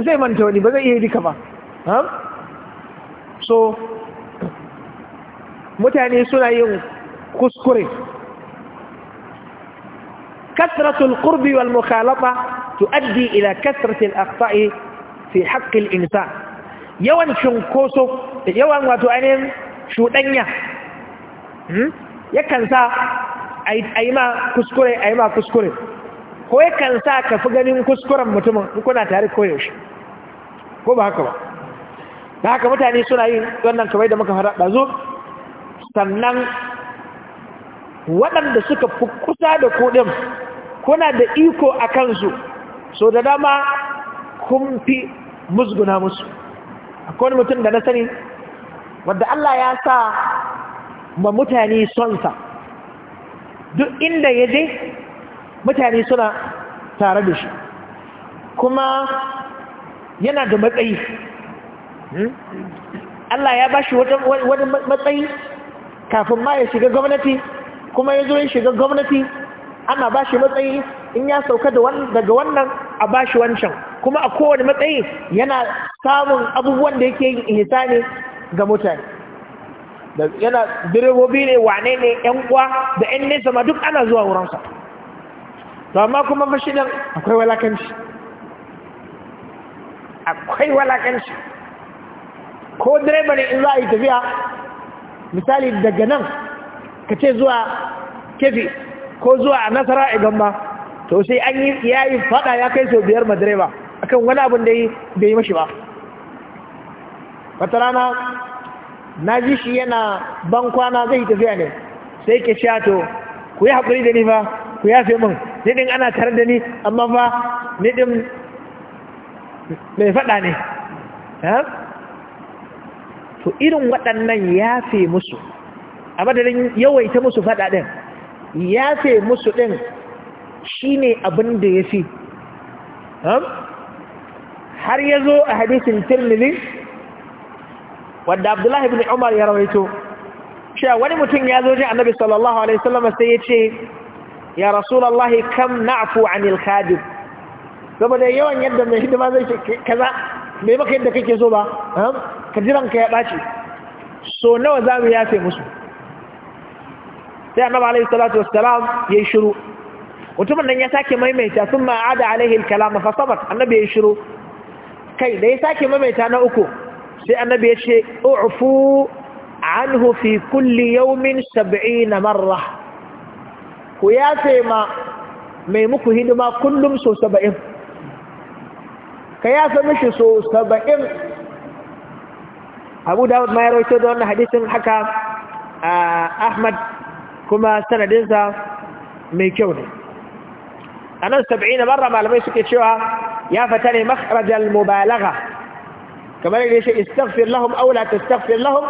zai manta wani ba zai iya duka ba so mutane suna yin kuskure kasratul kurbi wal mukhalata addi ila kasratil aqta'i fi haqqil insan yawan cunkoso yawan wato ainihin shuɗanya Hmm? yakan sa a yi ma kuskure a yi ma kuskure ko yakan sa ka fi ganin kuskuren mutumin in kuna tare koyaushe ko ba haka ba da haka mutane suna yi wannan kamar da muka fara ɗazu sannan waɗanda suka fi kusa da kuɗin kuna da iko a kansu so da dama kun fi musguna musu akwai mutum da na sani wadda Allah ya sa ma mutane sonsa duk inda ya je mutane suna tare da shi kuma yana da matsayi hmm? Allah ya ba shi wani matsayi kafin ma ya shiga gwamnati kuma ya zo ya shiga gwamnati ana ba shi matsayi in ya sauka daga wannan a ba shi wancan kuma a kowane matsayi yana samun abubuwan da yake yin ihsani ga mutane yana direbobi ne wane ne yan uwa da yan nesa ma duk ana zuwa wurinsa to amma kuma fashi akwai walakanci akwai walakanci ko direba ne in za a yi tafiya misali daga nan ka ce zuwa kefi ko zuwa a nasara a gamba to sai an yi ya yi fada ya kai sau biyar ma direba akan wani abin da bai yi mashi ba wata rana na ji shi yana ban kwana zai tafiya ne sai ke to ku yi haƙuri da ni fa ku yafe min niɗin ana tare da ni amma fa niɗin mai faɗa ne to irin waɗannan yafe musu a madadin yawaita musu faɗa ɗin yafe musu ɗin shi ne abin da ya fi har ya zo a hadisin tirmidhi wanda abdullahi ibn umar ya rawaito cewa wani mutum ya zo jin annabi sallallahu alaihi wasallam sai ya ce ya rasulullahi kam na'fu anil khadim saboda yawan yadda mai hidima zai ce kaza mai maka yadda kake so ba ka jiran ka ya dace so nawa za mu yafe musu sai annabi alaihi salatu wassalam yayi shiru mutumin nan ya sake maimaita sun ma'ada alaihi alkalam fa sabat annabi yayi shiru kai da ya sake maimaita na uku سئ النبي شيء اعفو عنه في كل يوم سبعين مرة ويا سيما ميمكو هدما كلهم سو سبعين كيا سمش سو سبعين أبو داود ما يروي تدون حديث الحكا أحمد كما سنة دنسا ميكوني أنا سبعين مرة ما لم يسكت شوها يا فتاني مخرج المبالغة kamar da shi istaghfir lahum aw la tastaghfir lahum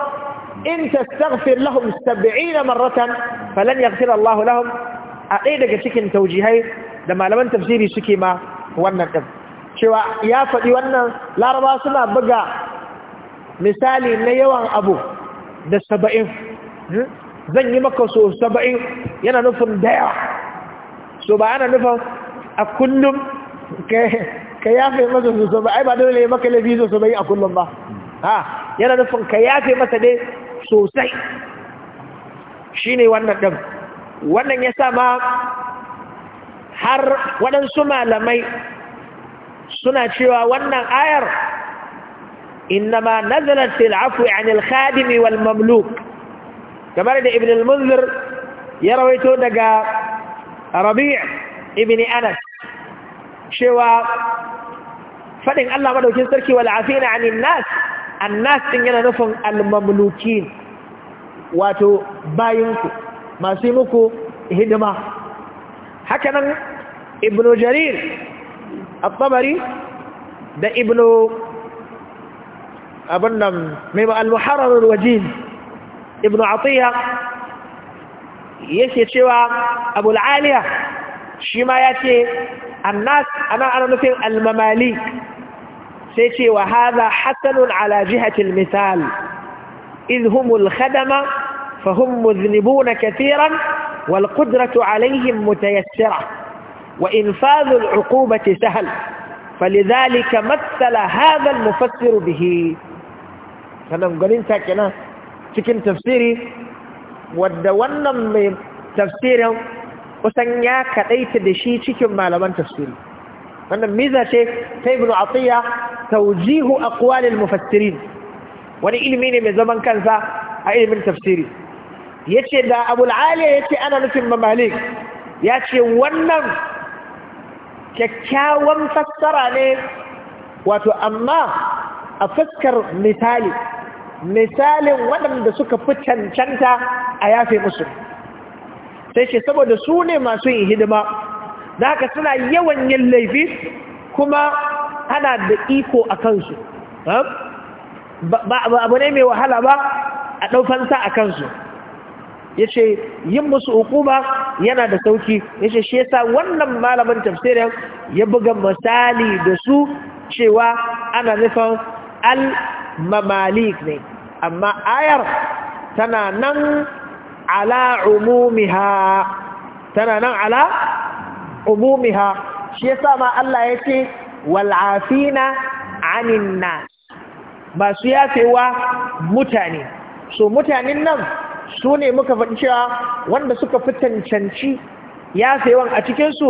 in tastaghfir lahum 70 marratan falan yaghfir Allah lahum a daga cikin taujihai da malaman tafsiri suke ma wannan din cewa ya faɗi wannan laraba suna buga misali na yawan abu da 70 zan yi maka so 70 yana nufin da ba nufin a kullum ka yafe masa su ba ai ba dole maka lafi su bai a kullum ba ha yana nufin ka yafe masa dai sosai shine wannan din wannan yasa ma har waɗansu malamai suna cewa wannan ayar innama nazalat fil a anil khadimi wal mamluk kamar da ibn al-munzir ya rawaito daga rabi' ibn anas cewa faɗin Allah madaukin sarki wal afina anin nas an nas din yana nufin al-mamlukin wato bayinku masu yi muku hidima haka nan ibn jarir al-tabari da Ibnu abin nan mai ba al-muharrar wajin ibn atiya yake cewa abu al'aliya shi ma ya ce الناس أنا أنا نفهم المماليك سيتي وهذا حسن على جهة المثال إذ هم الخدم فهم مذنبون كثيرا والقدرة عليهم متيسرة وإنفاذ العقوبة سهل فلذلك مثل هذا المفسر به أنا أقول أنت كنا تكن تفسيري ودونا تفسيرهم kusan ya kaɗaita da shi cikin malaman tafsiri wannan miza ce ta ibn atiya taujihu aqwalil mufassirin wani ilimi ne mai zaman kansa a ilimin tafsiri yace da abul aliya yace ana nufin mamalik yace wannan kyakkyawan fassara ne wato amma a fuskar misali misalin waɗanda suka fi cancanta a yafe musu sai ce saboda su ne masu yin hidima da haka suna yawan yin laifi kuma ana da iko a kansu ba abu ne mai wahala ba a ɗaufansa a kansu ya ce yin musu hukuma yana da sauki ya ce shi yasa wannan malamin tafsirin ya buga misali da su cewa ana nufin al-mamalik ne amma ayar tana nan ala umumiha tana nan ala umumiha shi yasa ma Allah ya ce wal'afina anin nas masu yafewa mutane so mutanen nan sune muka faɗi cewa wanda suka fi tancanci yafewan a cikinsu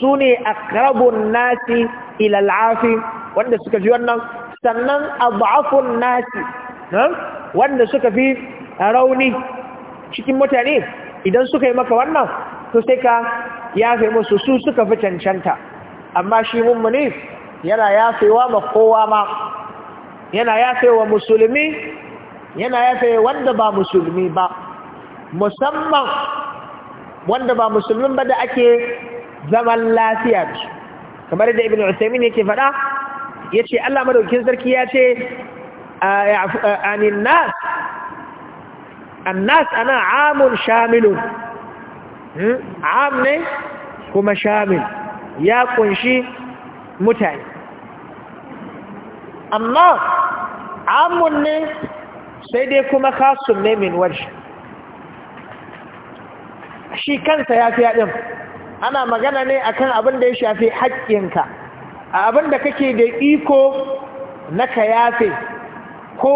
su ne akrabun nasi ilal'afi wanda suka fi wannan sannan abu'afun nasi eh, wanda suka fi rauni cikin mutane idan suka yi maka wannan to sai ka yafe musu su suka fi cancanta amma shi mummuni yana yafewa ma kowa ma yana yafewa musulmi yana yafe wanda ba musulmi ba musamman wanda ba musulmin ba da ake zaman lafiya kamar da ibn Uthaymeen yake faɗa yace Allah madaukin sarki ya yace a nas annas ana amun shamilun am ne kuma shamil ya kunshi mutane amma amun ne sai dai kuma kasun ne min shi kansa ya fi yaɗin ana magana ne akan abin da ya shafi haƙƙinka a abin da kake da iko na yafe ko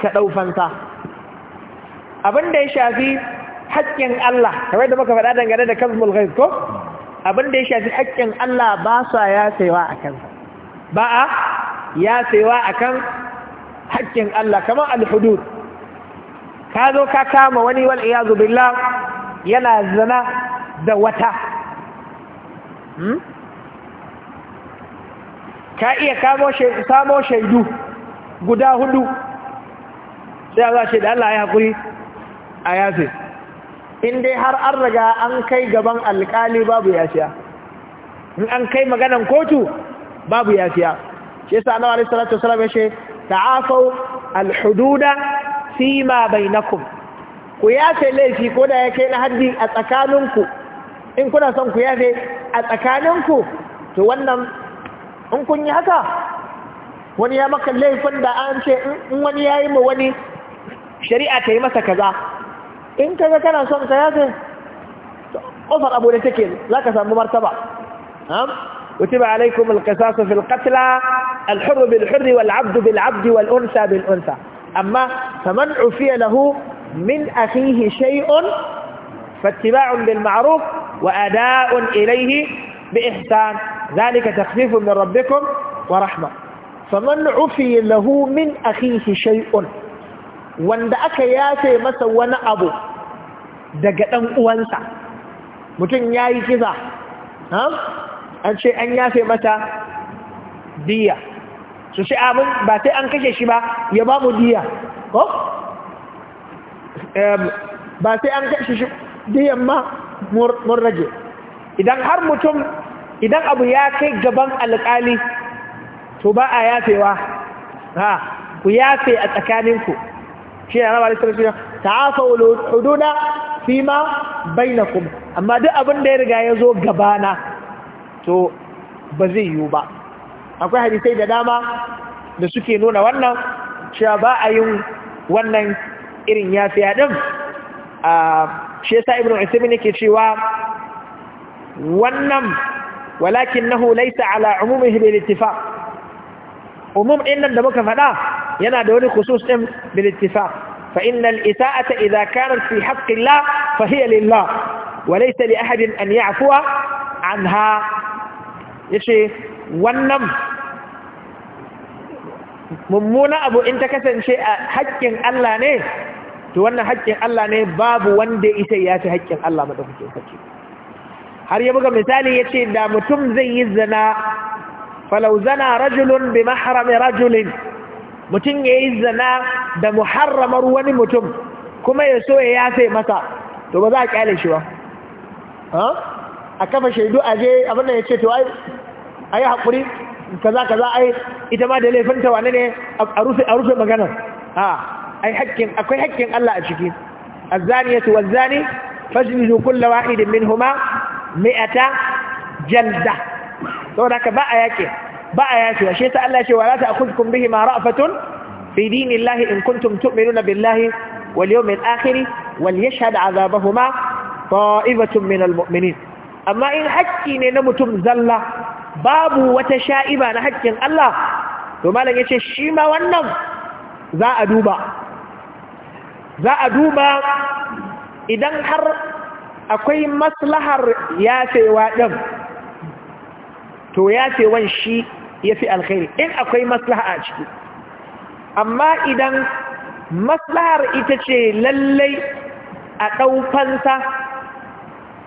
ka ɗaufanta abin da ya shafi haƙƙin Allah kamar da muka faɗa dangane da kazmul ghaiz ko abin da ya shafi haƙƙin Allah ba sa yasewa a kansa ba a yasewa akan haƙƙin Allah kamar al-hudud ka zo ka kama wani wal iyazu billah yana zana da wata hmm? ka iya samo shaidu guda hudu sai za ce da Allah ya haƙuri a yafe in dai har an raga an kai gaban alkali babu yafiya in an kai maganan kotu babu yafiya shi yasa annabi alaihi salatu wasallam ya ce ta'afu alhududa fi ma bainakum ku yafe laifi ko da yake na haddi a tsakaninku in kuna son ku yafe a tsakaninku to wannan in kun yi haka wani ya maka laifin da an ce in wani ya yi ma wani shari'a ta yi masa kaza in ka ga kana son ka ابو ƙofar abu da take za ka samu وتب عليكم القصاص في القتلى الحر بالحر والعبد بالعبد والأنثى بالأنثى أما فمن عفي له من أخيه شيء فاتباع بالمعروف وأداء إليه بإحسان ذلك تخفيف من ربكم ورحمة فمن عفي له من أخيه شيء wanda aka yafe masa wani abu daga ɗan uwansa mutum ya yi kiza an ce an yafe mata diya su ce abin ba sai an kashe shi ba ya ba mu diya ko? ba sai an kashe shi diyan ma mun rage idan har mutum idan abu ya kai gaban alƙali to ba a yafewa ha ku yafe a tsakaninku shi ne annabi sallallahu alaihi wasallam ta'afawul hududa fima bainakum amma duk abin da ya riga ya zo gabana to ba zai yiwu ba akwai hadisai da dama da suke nuna wannan cewa ba a yin wannan irin yafiya din shi yasa ibnu usaymin yake cewa wannan walakin nahu laysa ala umumihi bil ittifaq umum ɗin nan da muka faɗa yana da wani kusus ɗin bil fa innal isa'ata idza kanat fi haqqillah fa hiya lillah wa laysa li ahadin an ya'fuwa anha yace wannan mummuna abu in ta kasance a haƙƙin Allah ne to wannan haƙƙin Allah ne babu wanda ita ya fi haƙƙin Allah madaukakin sarki har ya buga misali yace da mutum zai yi zina falau zana rajulun bi maharami rajulin mutum ya yi zana da muharramar wani mutum kuma ya so ya yafe masa to ba za a kyale shi ba a kafa shaidu a je abinda ya ce to a yi haƙuri kaza kaza ai ita ma da laifinta wane ne a rufe maganar a akwai haƙƙin Allah a ciki الزانية والزاني فاجلدوا min huma منهما مئة جلدة saboda haka ba a yake ba a shi ta Allah ya ce wala ta'khudhukum bihi ma ra'fatun fi dinillahi in kuntum tu'minuna billahi wal yawmil akhir wal yashhad 'adabahuma ta'ifatun minal mu'minin amma in hakki ne na mutum zalla babu wata sha'iba na hakkin Allah to malam yace shi ma wannan za a duba za a duba idan har akwai maslahar yasewa ɗin to ya ce wan shi ya fi alkhairi in akwai maslaha a ciki amma idan maslahar ita ce lallai a ɗaufansa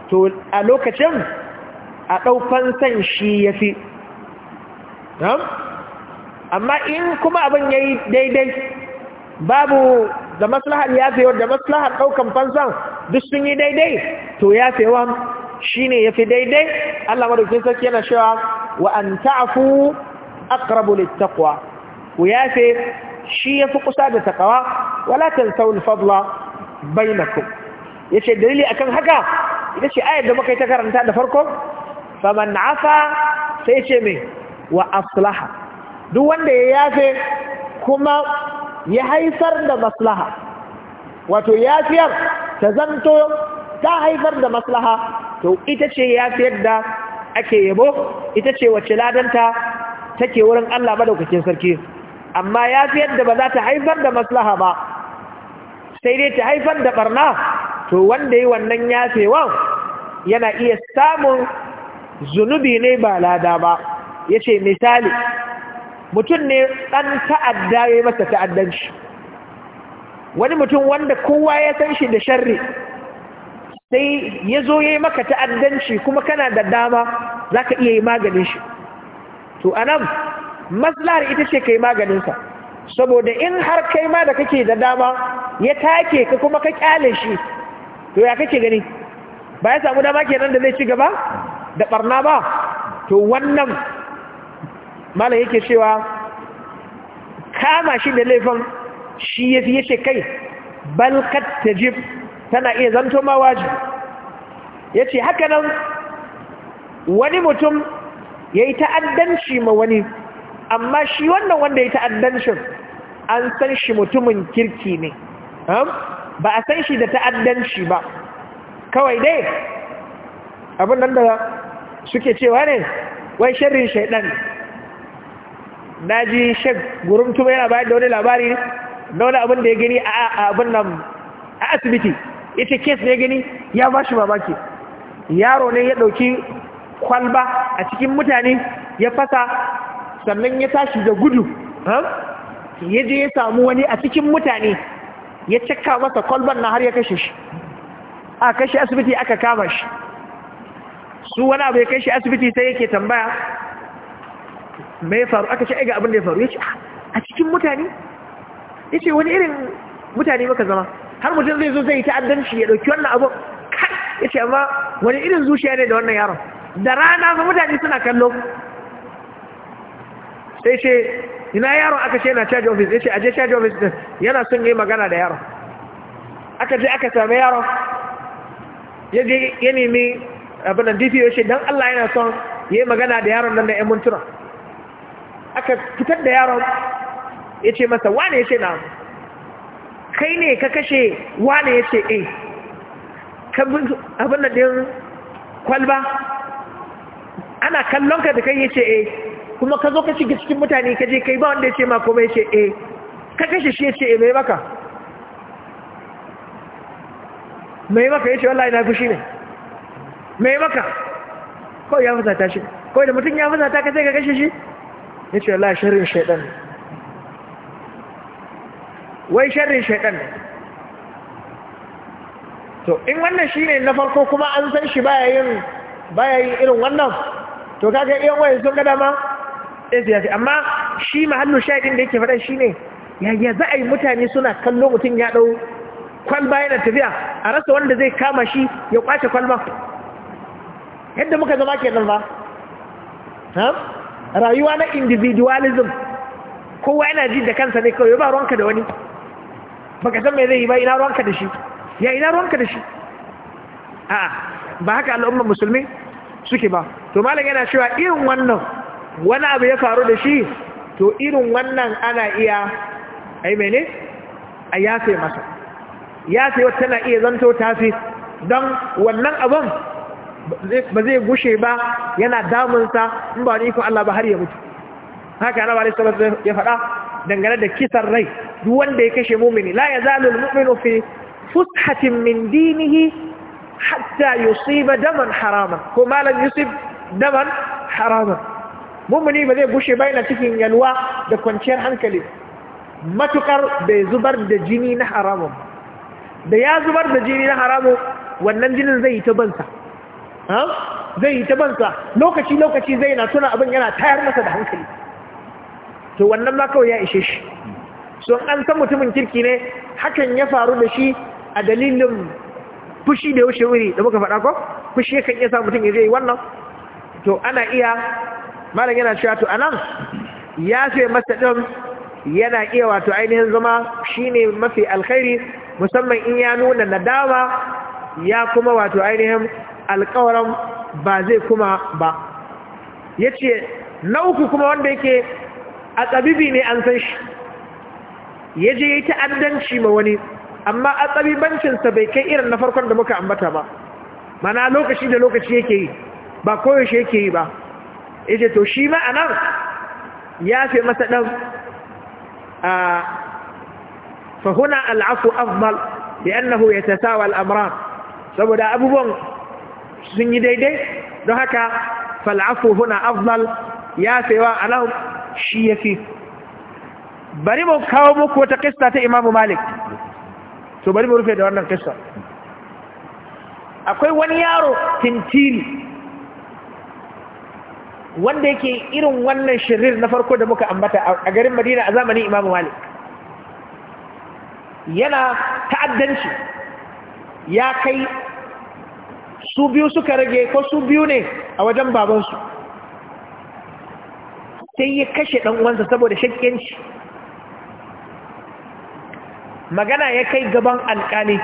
to a lokacin a ɗaufansan shi ya fi amma in kuma abin ya yi daidai babu da maslahar ya fi da maslahar ɗaukan fansan duk sun yi daidai to ya fi shine yafi daidai Allah madaukakin sarki yana cewa wa an ta'fu aqrabu littaqwa ku yafe shi yafi kusa da takawa wala tansaw al-fadla bainakum yace dalili akan haka ita ce ayar da muka yi ta karanta da farko faman afa sai ce me wa aslaha duk wanda ya yafe kuma ya haifar da maslaha wato yafiyar ta zanto ta haifar da maslaha to ita ce ya yafiyar da ake yabo ita ce wacce ladanta take wurin Allah madaukakin sarki amma ya fi da ba za ta haifar da maslaha ba sai dai ta haifar da barna to wanda yi wannan yafewan yana iya samun zunubi ne ba lada ba Ya ce misali mutum ne ɗan ta'adda ya yi masa ta'addanci wani mutum wanda kowa ya san shi da sharri sai ya zo ya yi maka ta'addanci kuma kana da dama za ka iya yi maganin shi to a nan maslahar ita ce ka yi maganinsa saboda in har kai ma da kake da dama ya take ka kuma ka kyale shi to ya kake gani ba ya samu dama kenan da zai ci gaba da barna ba to wannan malam yake cewa kama shi da laifin shi ya fiye kai balkat ta jib tana iya zanto ma wajibi ya ce haka wani mutum ya yi ta'addanci ma wani amma shi wannan wanda ya ta'addancin an san shi mutumin kirki ne ba a san shi da ta'addanci ba kawai dai abin nan da suke cewa ne wai sharrin shaidan na ji shek gurum yana da wani labari na wani abin da ya gani a abin nan a asibiti ita kes ne gani ya bashi babaki yaro ne ya dauki kwalba a cikin mutane ya fasa sannan ya tashi da gudu ya je ya samu wani a cikin mutane ya cika masa kwalban na har ya kashe shi a kashe asibiti aka kama shi su wani abu ya kai shi asibiti sai yake tambaya mai faru aka ce aiga abin da ya faru ya ce ah, a cikin mutane ya ce wani irin mutane maka zama har mutum zai zo zai yi ta'addanci ya ɗauki wannan abu kai ya ce amma wani irin zuciya ne da wannan yaron da rana ga mutane suna kallo sai ce ina yaron aka ce yana charge office ya ce aje charge office din yana son yi magana da yaron aka je aka same yaron ya je ya nemi abin da dpo ya ce don allah yana son ya yi magana da yaron nan da yan muntura aka fitar da yaron ya ce masa wane ya ce na kai ne ka kashe wane ya ce eh abin da ɗin kwalba ana kallon ka da kai ya ce eh kuma ka zo ka shiga cikin mutane ka je kai ba wanda ya ce mako mai ya ce eh ka kashe shi ya ce eh mai maka mai maka ya ce wallahi na fushi ne mai maka kawai ya fusata shi kawai da mutum ya fusata ka sai ka kashe shi ya ce wallahi shirin shaidan ne wai sharrin shaidan ne to in wannan shine na farko kuma an san shi baya yin irin wannan to kaga iya wayan sun gada ma? sai eh, amma shi mahallu shaidin da yake shi ne. yaya za a yi mutane suna kallo mutum ya ɗau kwalba yana tafiya a rasa wanda zai kama shi ya kwace kwalba yadda muka zama kenan ba rayuwa na individualism kowa yana ji da kansa ne kawai ba ruwanka da wani baka san me zai yi ba ina ruwanka da shi ya ina ruwanka da shi a'a ba haka al'ummar musulmi suke ba to malam yana cewa irin wannan wani abu ya faru da shi to irin wannan ana iya ai mene a yafe masa yafe wata tana iya zanto tafi don wannan abun ba zai gushe ba yana damunsa in ba wani ikon Allah ba har ya mutu haka yana ba ya faɗa dangane da kisan rai duk wanda ya kashe mumini la yazalu almu'minu fi fushatin min dinihi hatta yusiba daman harama, ko malam yusib daman harama, mumini ba zai gushe ba yana cikin yalwa da kwanciyar hankali matukar bai zubar da jini na haramun da ya zubar da jini na haramun wannan jinin zai yi ta bansa zai yi ta bansa lokaci lokaci zai na tuna abin yana tayar masa da hankali to wannan ma kawai ya ishe shi so an san mutumin kirki ne hakan ya faru da shi a dalilin fushi da yaushe wuri da muka faɗa ko fushi yakan iya sa mutum ya zai wannan to ana iya malam yana cewa to anan ya ce masa ɗin yana iya wato ainihin zama ne mafi alkhairi musamman in ya nuna nadama ya kuma wato ainihin alkawaran ba zai kuma ba ya ce na uku kuma wanda yake a tsabibi ne an san shi ya je ya yi ta'addanci ma wani amma a tsabibancinsa bai kai irin na farkon da muka ambata ba mana lokaci da lokaci yake yi ba koyaushe yake yi ba ya je to shi ma'anar ya fi masa ɗan a fahuna al'afu afmal da yannahu ya tasawa al'amura saboda abubuwan sun yi daidai don haka fal'afu huna afmal ya fi wa shi ya bari mu kawo muku wata kista ta imamu malik to bari mu rufe da wannan kista akwai wani yaro tintiri wanda yake irin wannan shirir na farko da muka ambata a garin madina a zamanin imamu malik yana ta'addanci ya kai su biyu suka rage ko su biyu ne a wajen babansu sai ya kashe ɗan uwansa saboda shi magana ya kai gaban alƙali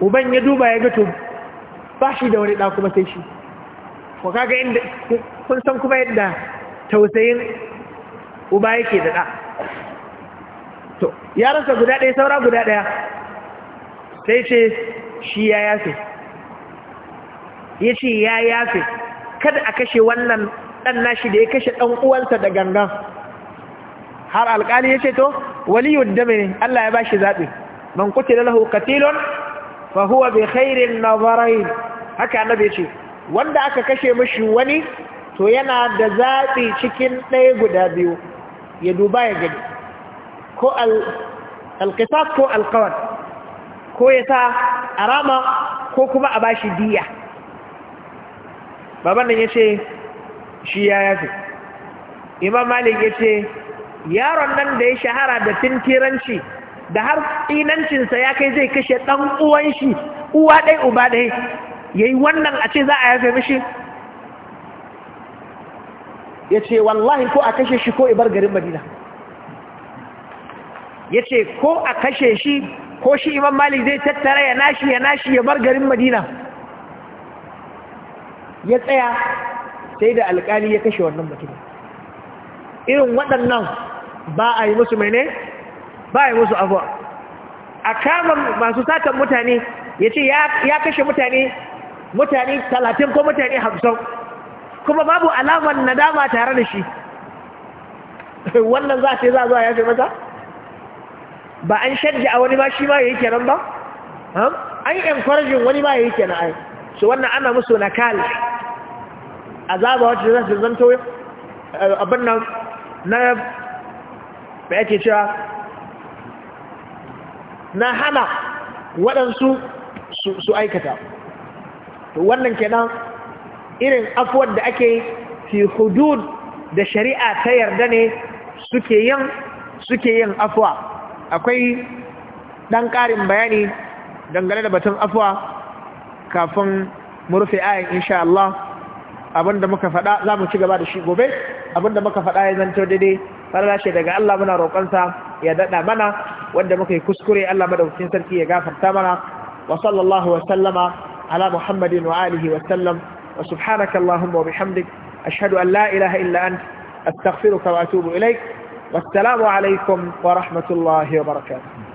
uban ya duba ya gato ba shi da wani ɗan kuma sai shi ko kaga inda kun san kuma yadda tausayin uba yake da ɗa to ya rasa guda ɗaya saura guda ɗaya sai ce shi ya yafe ya ce ya yafe kada a kashe wannan ɗan nashi da ya kashe ɗan uwansa da ganga. har alƙali ya ce to waliyud mai Allah ya bashi zaɓi man kutila lahu qatilun fa huwa bi khairin nadharain haka annabi ce wanda aka kashe mashi wani to yana da zabi cikin ɗaya guda biyu ya duba ya gani ko alƙisas ko alƙawar ko ya sa a rama ko kuma a bashi diya baban nan ya ce shi ya yafe imam malik ya ce yaron nan da ya shahara da tintiranci da har tsinancinsa ya kai zai kashe ɗan uwan shi uwa ɗai uba ɗai ya yi wannan a ce za a yafe mishi ya ce wallahi ko a kashe shi ko ibar garin madina ya ce ko a kashe shi ko shi imam malik zai tattara ya nashi ya nashi ya bar garin madina ya tsaya sai da alƙali ya kashe wannan mutum irin waɗannan ba a yi musu mai ne ba a yi musu abuwa a kama masu satan mutane ya ce ya kashe mutane mutane talatin ko mutane hamsin kuma babu alamar nadama tare da shi wannan za a ce za a zuwa ya fi mata ba an shajja a wani ba shi ma ya yi kenan ba an yi encouraging wani ma ya yi kenan ai su wannan ana musu na nakal azaba wacce za su zanto eh, abin nan na ba yake cewa na hana waɗansu su aikata wannan kenan irin afuwar da ake fi hudud da shari'a ta yarda ne suke yin suke yin afuwa akwai ɗan ƙarin bayani dangane da batun afuwa kafin murfi ayin insha Allah abinda muka faɗa za mu ci gaba da shi gobe abinda muka faɗa ya zanto daidai farala daga Allah muna roƙonsa ya daɗa mana wanda muka yi kuskure Allah madaukakin sarki ya gafarta mana wa sallallahu wa sallama ala muhammadin wa alihi wa sallam wa subhanaka allahumma wa bihamdik ashhadu an la ilaha illa ant astaghfiruka wa atubu ilaik wassalamu alaikum wa rahmatullahi wa barakatuh